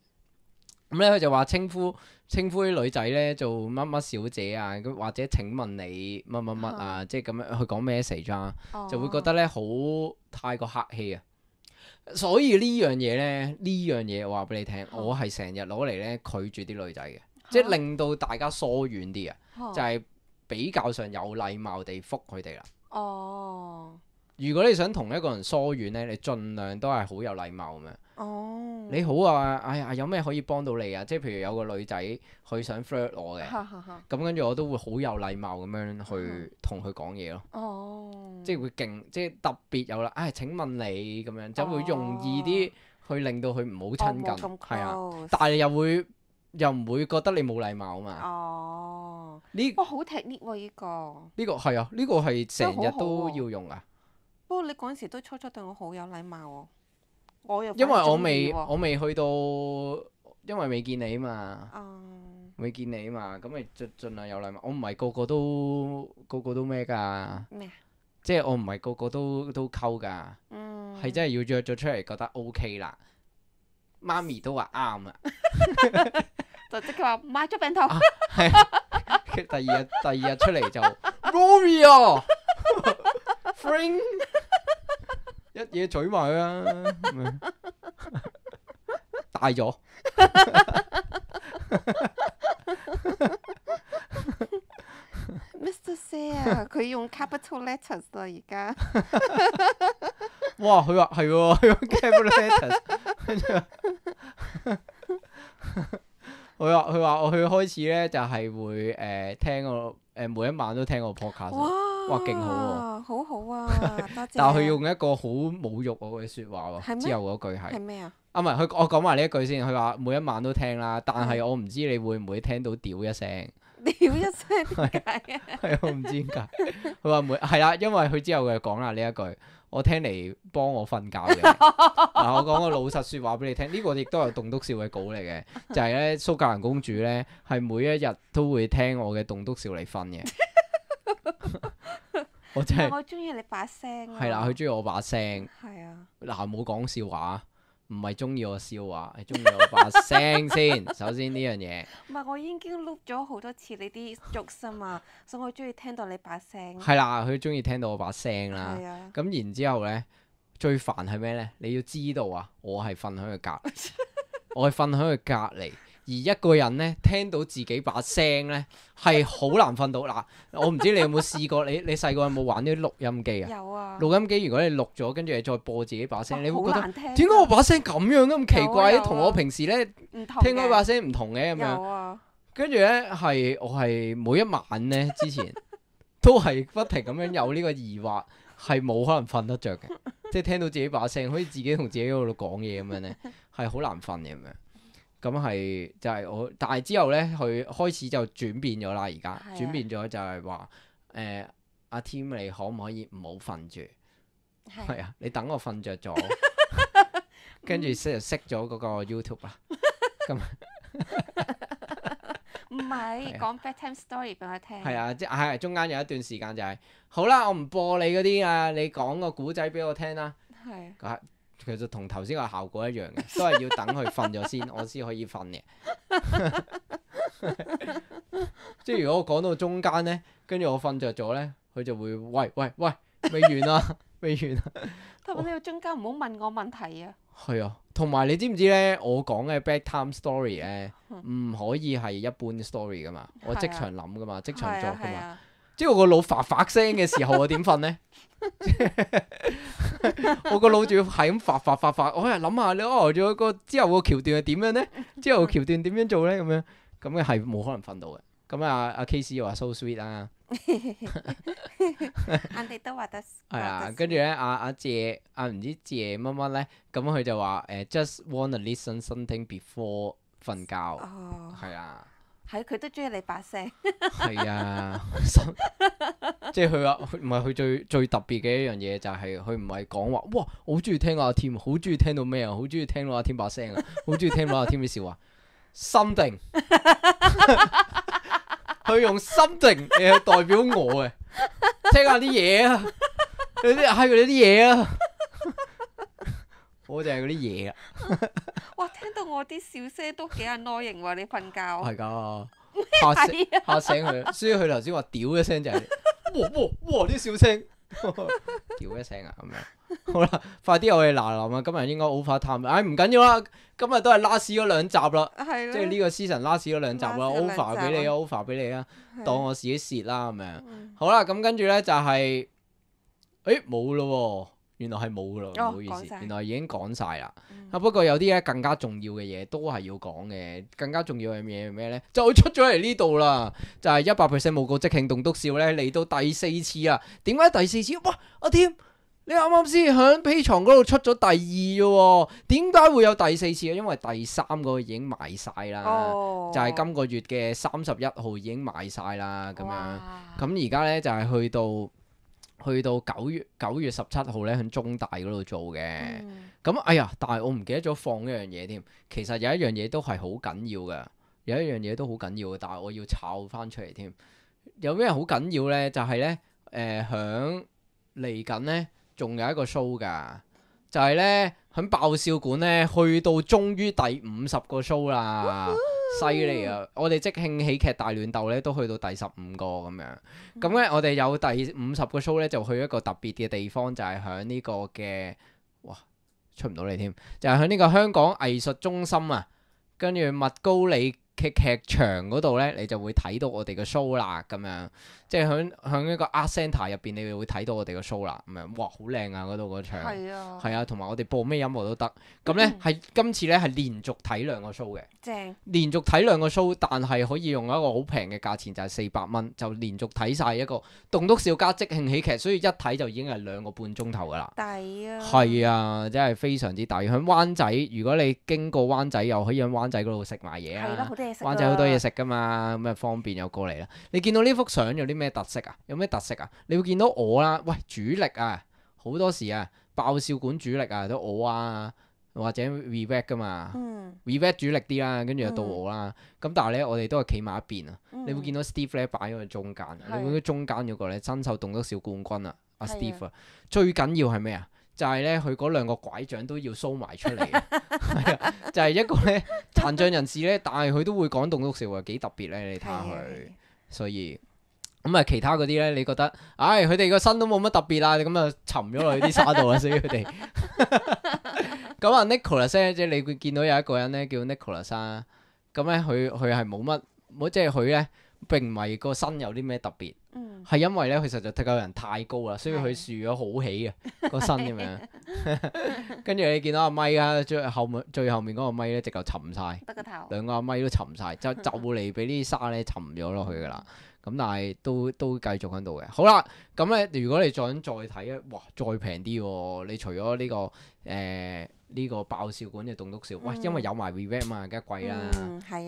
嗯、咧，佢就話稱呼稱呼啲女仔咧做乜乜小姐啊，咁或者請問你乜乜乜啊，啊即係咁樣，佢講咩事啊，哦、就會覺得咧好太過客氣啊。所以呢樣嘢咧，這個啊、呢樣嘢我話俾你聽，我係成日攞嚟咧拒絕啲女仔嘅，啊、即係令到大家疏遠啲啊，就係比較上有禮貌地覆佢哋啦。哦。如果你想同一個人疏遠咧，你盡量都係好有禮貌嘛。哦，oh, 你好啊，哎呀、啊，有咩可以幫到你啊？即係譬如有個女仔佢想 flirt 我嘅，咁跟住我都會好有禮貌咁樣去同佢講嘢咯。即係會勁，即係特別有啦。哎，請問你咁樣就會容易啲去令到佢唔好親近，係、oh, 啊。但係又會又唔會覺得你冇禮貌啊嘛？呢、oh, 這，哇、oh, 啊，好 technic 喎呢個。呢、這個係啊，呢、這個係成日都要用啊。哦、你嗰陣時都初初對我好有禮貌喎，哦，我又，哦、因為我未我未去到，因為未見你啊嘛，未，嗯、見你啊嘛，咁咪盡盡量有禮貌。我唔係個個都個個都咩㗎，咩麼？即係我唔係個個都都溝㗎，係，嗯、真係要著咗出嚟覺得 OK 啦。媽咪都話啱 啊，就即係話買咗餅頭，係 第二日第二日出嚟就 m o r y 啊 f r i e n d 一嘢咀埋佢啊！大咗，Mr. Sir 佢用 capital letters 啦而家。哇！佢話係喎，佢 用 capital letters。 佢話佢話，佢去開始咧就係會誒、呃、聽我。誒每一晚都聽我 podcast 哇，哇，勁好喎，啊，好好啊！ 但係佢用一個好侮辱我嘅説話喎，嗎之後嗰句係，係咩啊？唔係，佢，我講埋呢一句先，佢話每一晚都聽啦，但係我唔知你會唔會聽到屌一聲，屌一聲係，係我唔知點解，佢話每係啦，因為佢之後佢就講啦呢一句。我聽嚟，幫我瞓覺嘅，嗱、 啊、我講個老實說話俾你聽，呢、呢個亦都係棟篤笑嘅稿嚟嘅，就係咧蘇格蘭公主咧係每一日都會聽我嘅棟篤笑嚟瞓嘅， 我真係的我中意你把聲、啊，係啦，佢中意我把聲，係 啊，嗱冇講笑話。唔係中意我笑話，係中意我把聲先。 首先呢樣嘢，唔係我已經錄咗好多次你啲足音啊，所以我中意聽到你把聲。係啦，佢中意聽到我把聲啦。咁的然之後咧，最煩係咩呢？你要知道啊，我係瞓喺佢隔， 我係瞓喺佢隔籬。而一個人咧聽到自己把聲咧係好難瞓到嗱， 我唔知你有冇試過？你你細個有冇玩呢啲錄音機啊？有啊！錄音機如果你錄咗，跟住你再播自己把聲，我你會覺得點解我把聲咁樣咁奇怪，同、啊啊、我平時咧聽嗰把聲唔同嘅咁樣。跟住咧係我係每一晚咧之前 都係不停咁樣有呢個疑惑，係冇可能瞓得着嘅，即係 聽到自己把聲好似自己同自己喺度講嘢咁樣咧，係好難瞓嘅咁樣。咁係就係、是、我，但係之後呢，佢開始就轉變咗啦。而家轉變咗就係、是、話，誒、呃，阿 Tim 你可唔可以唔好瞓住？係啊，啊，你等我瞓着咗， 跟住熄熄咗嗰個 YouTube 啦。咁唔係講 Bedtime Story 俾我聽。係啊，即係、啊啊啊、中間有一段時間就係、是，好啦、啊，我唔播你嗰啲啊，你講個古仔俾我聽啦。係。其實同頭先個效果一樣嘅，都係要等佢瞓咗先， 我先可以瞓嘅。 即係如果我講到中間咧，跟住我瞓着咗咧，佢就會喂喂喂未完啊，未完啦、啊。同 埋你中間唔好問我問題啊。係啊，同埋你知唔知咧？我講嘅 bedtime story 咧，唔可以係一般 story 噶、啊、嘛，我即場諗噶嘛，即場作噶嘛。即係我個腦發發聲嘅時候，我點瞓咧？ 我個腦仲要係咁發發發發，我喺度諗下你哦，仲有個之後個橋段係點樣咧？之後橋段點樣，樣做咧？咁樣咁嘅係冇可能瞓到嘅。咁啊阿、啊、Casey 又話 so sweet 啊，我哋都話得。係、uh, 啊，跟住咧阿阿謝阿唔知謝乜乜咧，咁佢就話誒，just wanna listen something before 瞓覺，係啊。係佢都中意你把聲，係啊，即係佢話，唔係佢最最特別嘅一樣嘢就係佢唔係講話哇，我好中意聽阿添，好中意聽到咩啊，好中意聽到阿添把聲啊，好中意聽到阿添嘅笑話，心定，佢用心定嚟代表我啊。聽下啲嘢啊，你啲喺佢啲嘢啊。我就係嗰啲嘢啊！哇，聽到我啲笑聲都幾人耐型喎！你瞓覺係噶吓醒吓、 啊、醒佢，所以佢頭先話屌一聲就係哇哇哇啲笑聲屌一聲啊！咁樣好啦，快啲我哋嗱嗱臨啊！今日應該 over time 啦、哎，唉唔緊要啦，今日都係 last 兩集啦，即係呢個 season last 咗兩集啦，over 俾你，over 啊！俾你啊！當我自己蝕啦咁樣，好啦，咁跟住咧就係誒冇咯喎！原來係冇噶啦，唔、哦、好意思，原來已經講晒啦。啊、嗯，不過有啲嘢，更加重要嘅嘢都係要講嘅，更加重要嘅嘢係咩咧？就出咗嚟呢度啦，就係一百 percent 冇稿即興棟篤笑咧，嚟到第四次啊！點解第四次？哇！阿、啊、添，你啱啱先響 Patreon 嗰度出咗第二嘅，點解會有第四次？因為第三個已經賣晒啦，哦、就係今個月嘅三十一號已經賣晒啦，咁樣。咁而家咧就係、是、去到。去到九月九月十七號咧，喺中大嗰度做嘅。咁、嗯嗯、哎呀，但係我唔記得咗放一樣嘢添。其實有一樣嘢都係好緊要嘅，有一樣嘢都好緊要嘅，但係我要炒返出嚟添。有咩好緊要咧？就係、是、咧，誒、呃，響嚟緊咧，仲有一個 show 㗎。就係呢，喺爆笑館呢，去到終於第五十個 show 啦，犀利啊！我哋即興喜劇大亂鬥呢都去到第十五個咁樣。咁、嗯、呢，我哋有第五十個 show 呢，就去一個特別嘅地方，就係喺呢個嘅，哇，出唔到嚟添，就係喺呢個香港藝術中心啊，跟住麥高里劇劇場嗰度呢，你就會睇到我哋嘅 show 啦，咁樣。即係響響一個 Art Centre 入邊，你會睇到我哋個 show 啦，咁樣，哇，好靚啊！嗰度嗰場，係啊，同埋我哋播咩音樂都得。咁咧係今次咧係連續睇兩個 show 嘅，正，連續睇兩個 show，但係可以用一個好平嘅價錢，就係四百蚊，就連續睇晒一個《棟篤笑家即興喜劇》，所以一睇就已經係兩個半鐘頭噶啦，抵啊，係啊，真係非常之抵。喺灣仔，如果你經過灣仔，又可以喺灣仔嗰度食埋嘢啊，係咯，好多嘢食啊，灣仔好多嘢食噶嘛，咁啊方便又過嚟啦。你見到呢幅相有啲咩？咩特色啊？有咩特色啊？你會見到我啦，喂主力啊，好多時啊爆笑館主力啊都我啊，或者 Revac 噶嘛、嗯、Revac 主力啲啦、啊，跟住又到我啦。咁、嗯、但係咧，我哋都係企埋一邊啊。嗯、你會見到 Steve 咧擺喺佢中間，是你會見中間嗰個咧真手棟篤笑冠軍啊，阿的、啊、Steve 啊。最緊要係咩啊？就係咧佢嗰兩個拐杖都要 show 埋出嚟啊！ 就係一個咧殘障人士咧，但係佢都會講棟篤笑啊，幾特別咧你睇下佢，所以。所以所以所以咁啊，其他嗰啲呢？你覺得，唉、哎，佢哋個身都冇乜特別啦，咁啊沉咗落去啲沙度啦，所以佢哋、 啊。咁啊，Nicholas 呢，即係你會見到有一個人呢，叫 Nicholas 啊，咁呢，佢佢係冇乜，冇即係佢呢，並唔係個身有啲咩特別，係、嗯、因為呢，佢實在踢夠人太高啦，所以佢豎咗好起啊個是的 身咁樣。跟 住你見到阿咪啊，最後面最後面嗰個咪呢，直頭沉晒，嗯、兩個阿咪都沉晒、嗯，就就嚟俾啲沙呢沉咗落去噶啦。咁但係都都繼續喺度嘅。好啦，咁咧如果你再想再睇咧，哇，再平啲喎！你除咗呢、呢個誒呢、呃呢個爆笑館嘅棟篤笑，喂、嗯，因為有埋 revert 嘛，梗係貴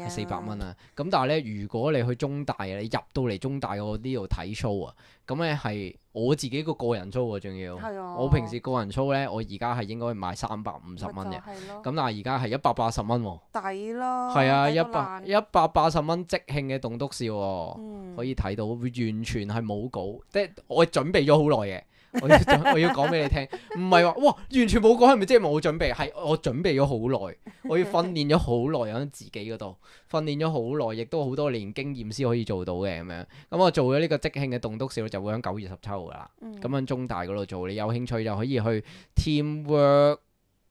啦，四百蚊啊。咁但係咧，如果你去中大，你入到嚟中大我呢度睇 show 啊，咁咧係。我自己個個人騷喎、啊，仲要。 我平時個人騷呢，我而家係應該賣三百五十蚊嘅。咁但係而家係一百八十蚊喎。抵咯。係啊，一百一百八十蚊即興嘅棟篤笑喎、哦。嗯、可以睇到，完全係冇稿，即係我準備咗好耐嘅。我要 我要講俾你聽，唔係話哇完全冇講，係咪真係冇準備？係我準備咗好耐，我要訓練咗好耐，喺自己嗰度訓練咗好耐，亦都好多年經驗先可以做到嘅咁樣。咁我做咗呢個即興嘅棟篤笑就會喺九月十七號噶啦，咁、嗯、樣中大嗰度做。你有興趣就可以去 teamwork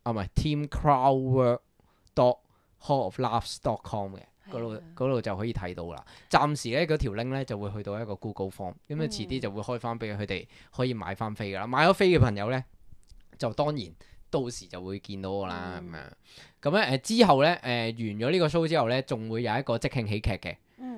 啊，唔係 timcrowdwork.halloflaughs.com 嘅。嗰度度就可以睇到啦。暫時咧嗰條 link 咧就會去到一個 Google Form，咁啊遲啲就會開翻俾佢哋可以買翻飛噶啦。買咗飛嘅朋友咧，就當然到時就會見到我啦。咁、嗯、樣咁咧誒之後咧誒、呃、完咗呢個 show 之後咧，仲會有一個即興喜劇嘅。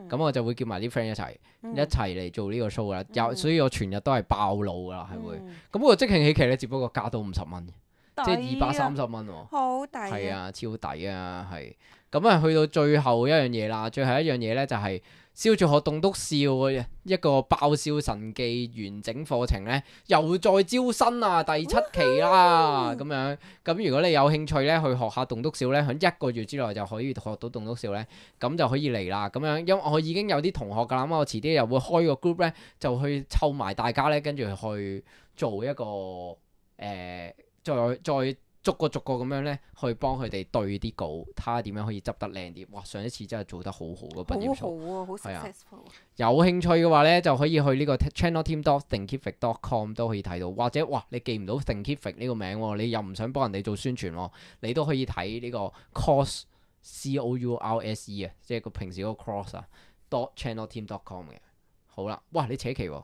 咁、嗯、我就會叫埋啲 friend 一齊、嗯、一齊嚟做呢個 show 啦。又所以我全日都係爆腦噶啦，係會。咁、嗯、個即興喜劇咧，只不過加到五十蚊，即係二百三十蚊喎。啊、好抵，係啊，超抵啊，係。咁啊，去到最後一樣嘢啦，最後一樣嘢咧就係笑住學棟篤笑嘅一個爆笑神技完整課程咧，又再招生啊，第七期啦咁樣。咁如果你有興趣咧，去學下棟篤笑咧，喺一個月之內就可以學到棟篤笑咧，咁就可以嚟啦咁樣。因為我已經有啲同學噶啦，咁我遲啲又會開個 group 咧，就去湊埋大家咧，跟住去做一個誒、呃，再再。逐個逐個咁樣呢，去幫佢哋對啲稿，睇下點樣可以執得靚啲。哇！上一次真係做得好好嘅，不，好好啊，好 successful。有興趣嘅話呢，就可以去呢個 chanloktim dot thinkific dot com 都可以睇到。或者，哇！你記唔到 thinkific 呢個名，你又唔想幫人哋做宣傳，你都可以睇呢個 course course 啊，即係個平時嗰個 course 啊，dot chanloktim dot com 嘅。好啦，哇！你扯旗喎。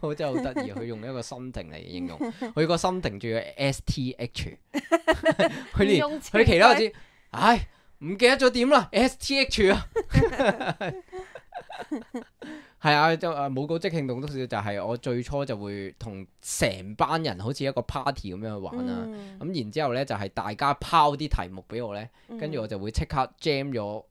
我 真係好得意，佢用一個心情嚟形容，佢 個心情仲要 S T H，佢連其他字，唉，唔記得咗點啦，S T H 啊，係啊，就冇個即興棟篤笑就係我最初就會同成班人好似一個 party 咁樣去玩啊，咁、嗯、然之後呢，就係、是、大家拋啲題目俾我呢，跟住我就會即刻 jam 咗。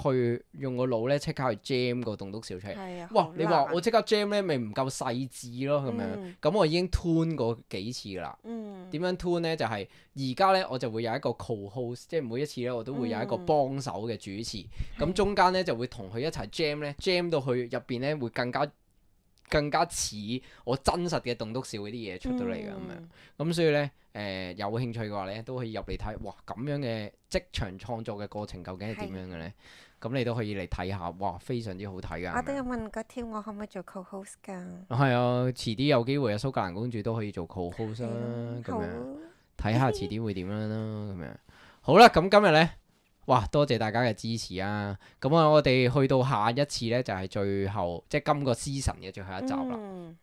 去用個腦咧，即刻去 jam 個棟篤笑出嚟。是哇！難你話我即刻 jam 咧，咪唔夠細緻咯？咁、嗯、樣咁我已經 tune 過幾次啦。點、嗯、樣 tune 咧？就係而家咧，我就會有一個 co-host，即係每一次咧，我都會有一個幫手嘅主持。咁、嗯、中間咧是就會同佢一齊 jam 咧，jam 到去入邊咧會更加更加似我真實嘅棟篤笑嗰啲嘢出到嚟咁樣。咁所以咧，誒、呃、有興趣嘅話咧，都可以入嚟睇。哇！咁樣嘅即場創作嘅過程究竟係點樣嘅咧？咁你都可以嚟睇下，哇，非常之好睇噶！我都有問過添， 我可唔可以做 co-host 噶？啊，係啊，遲啲有機會啊，蘇格蘭公主都可以做 co-host 啦，咁、啊 啊、樣睇下遲啲會點樣啦，咁樣好啦，咁、啊啊、今日呢？哇，多謝大家嘅支持啊！咁啊，我哋去到下一次呢，就係、是、最後，即係今個 s 神嘅最後一集啦。嗯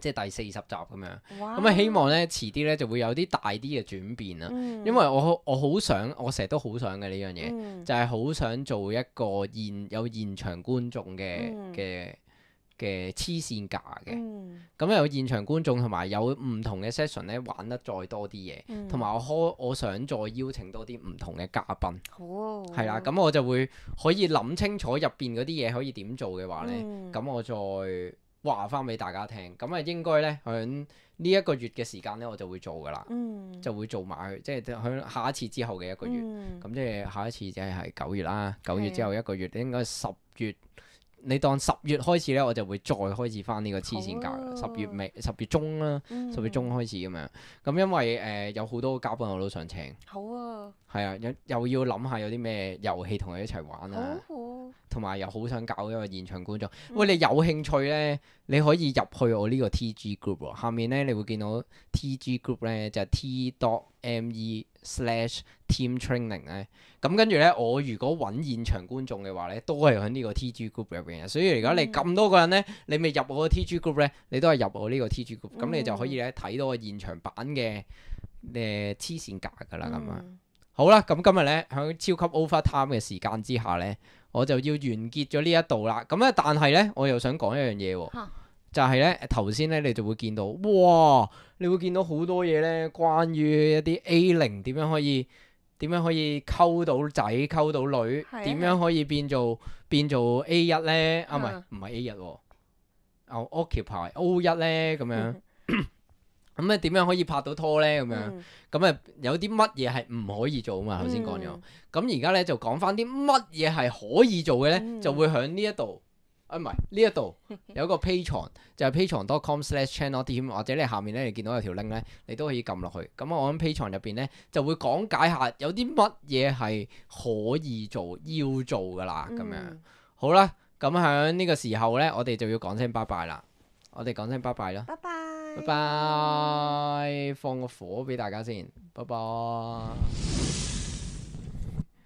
即係第四十集咁樣，咁啊哇、嗯、希望咧遲啲咧就會有啲大啲嘅轉變啦。嗯、因為我我好想，我成日都好想嘅呢樣嘢，嗯、就係好想做一個現有現場觀眾嘅嘅嘅黐線架嘅。咁、嗯、有現場觀眾有有同埋有唔同嘅 session 咧，玩得再多啲嘢，同埋、嗯、我開，我想再邀請多啲唔同嘅嘉賓。好、嗯。係啦，咁我就會可以諗清楚入邊嗰啲嘢可以點做嘅話咧，咁、嗯、我再。話翻俾大家聽，咁啊應該咧響呢一個月嘅時間咧，我就會做噶啦，嗯、就會做埋去，即係響下一次之後嘅一個月，咁、嗯、即係下一次即係九月啦，九月之後一個月的應該十月。你當十月開始呢，我就會再開始翻呢個黐線架。啦、啊。十月尾、十月中啦，十、嗯、月中開始咁樣。咁因為誒、呃、有好多嘉賓我都想請，好啊，係啊，又要諗下有啲咩遊戲同佢一齊玩啊，同埋、啊、又好想搞一個現場觀眾。喂，你有興趣呢？嗯你可以入去我呢個 T G group，下面呢你會見到 T G group 咧就係、是、t dot me slash tim training 咧。咁跟住呢，我如果揾現場觀眾嘅話呢，都係喺呢個 T G group 入邊嘅。所以而家你咁多個人呢，你未入我嘅 T G group 呢，你都係入我呢個 T G group，咁、嗯、你就可以咧睇到個現場版嘅誒黐線架㗎啦。咁、呃、啊，嗯、好啦，咁今日呢，喺超級 over time 嘅時間之下呢。我就要完結咗呢一度啦。咁咧，但係呢，我又想講一樣嘢喎，啊、就係呢。頭先呢，你就會見到，哇！你會見到好多嘢呢。關於一啲 A 零點樣可以點樣可以溝到仔溝到女，點是、啊、樣可以變做變做 A 一呢？是啊，啊，唔係唔係 A 一喎、啊，啊 Occup O 一 Occ 呢，咁樣、嗯哼。 咁咧點樣可以拍到拖咧？咁樣咁誒有啲乜嘢係唔可以做啊嘛？頭先講咗。咁而家咧就講翻啲乜嘢係可以做嘅咧，嗯、就會喺呢一度啊，唔係呢一度有個 Patreon 就係 patreon.com slash chanloktim，或者你下面咧你見到有條 link 咧，你都可以撳落去。咁我喺 Patreon 入邊咧就會講解下有啲乜嘢係可以做要做㗎啦。咁、嗯、樣好啦，咁喺呢個時候咧，我哋就要講聲拜拜啦。我哋講聲拜拜咯。拜拜。拜拜，bye bye. 放個火俾大家先，拜拜。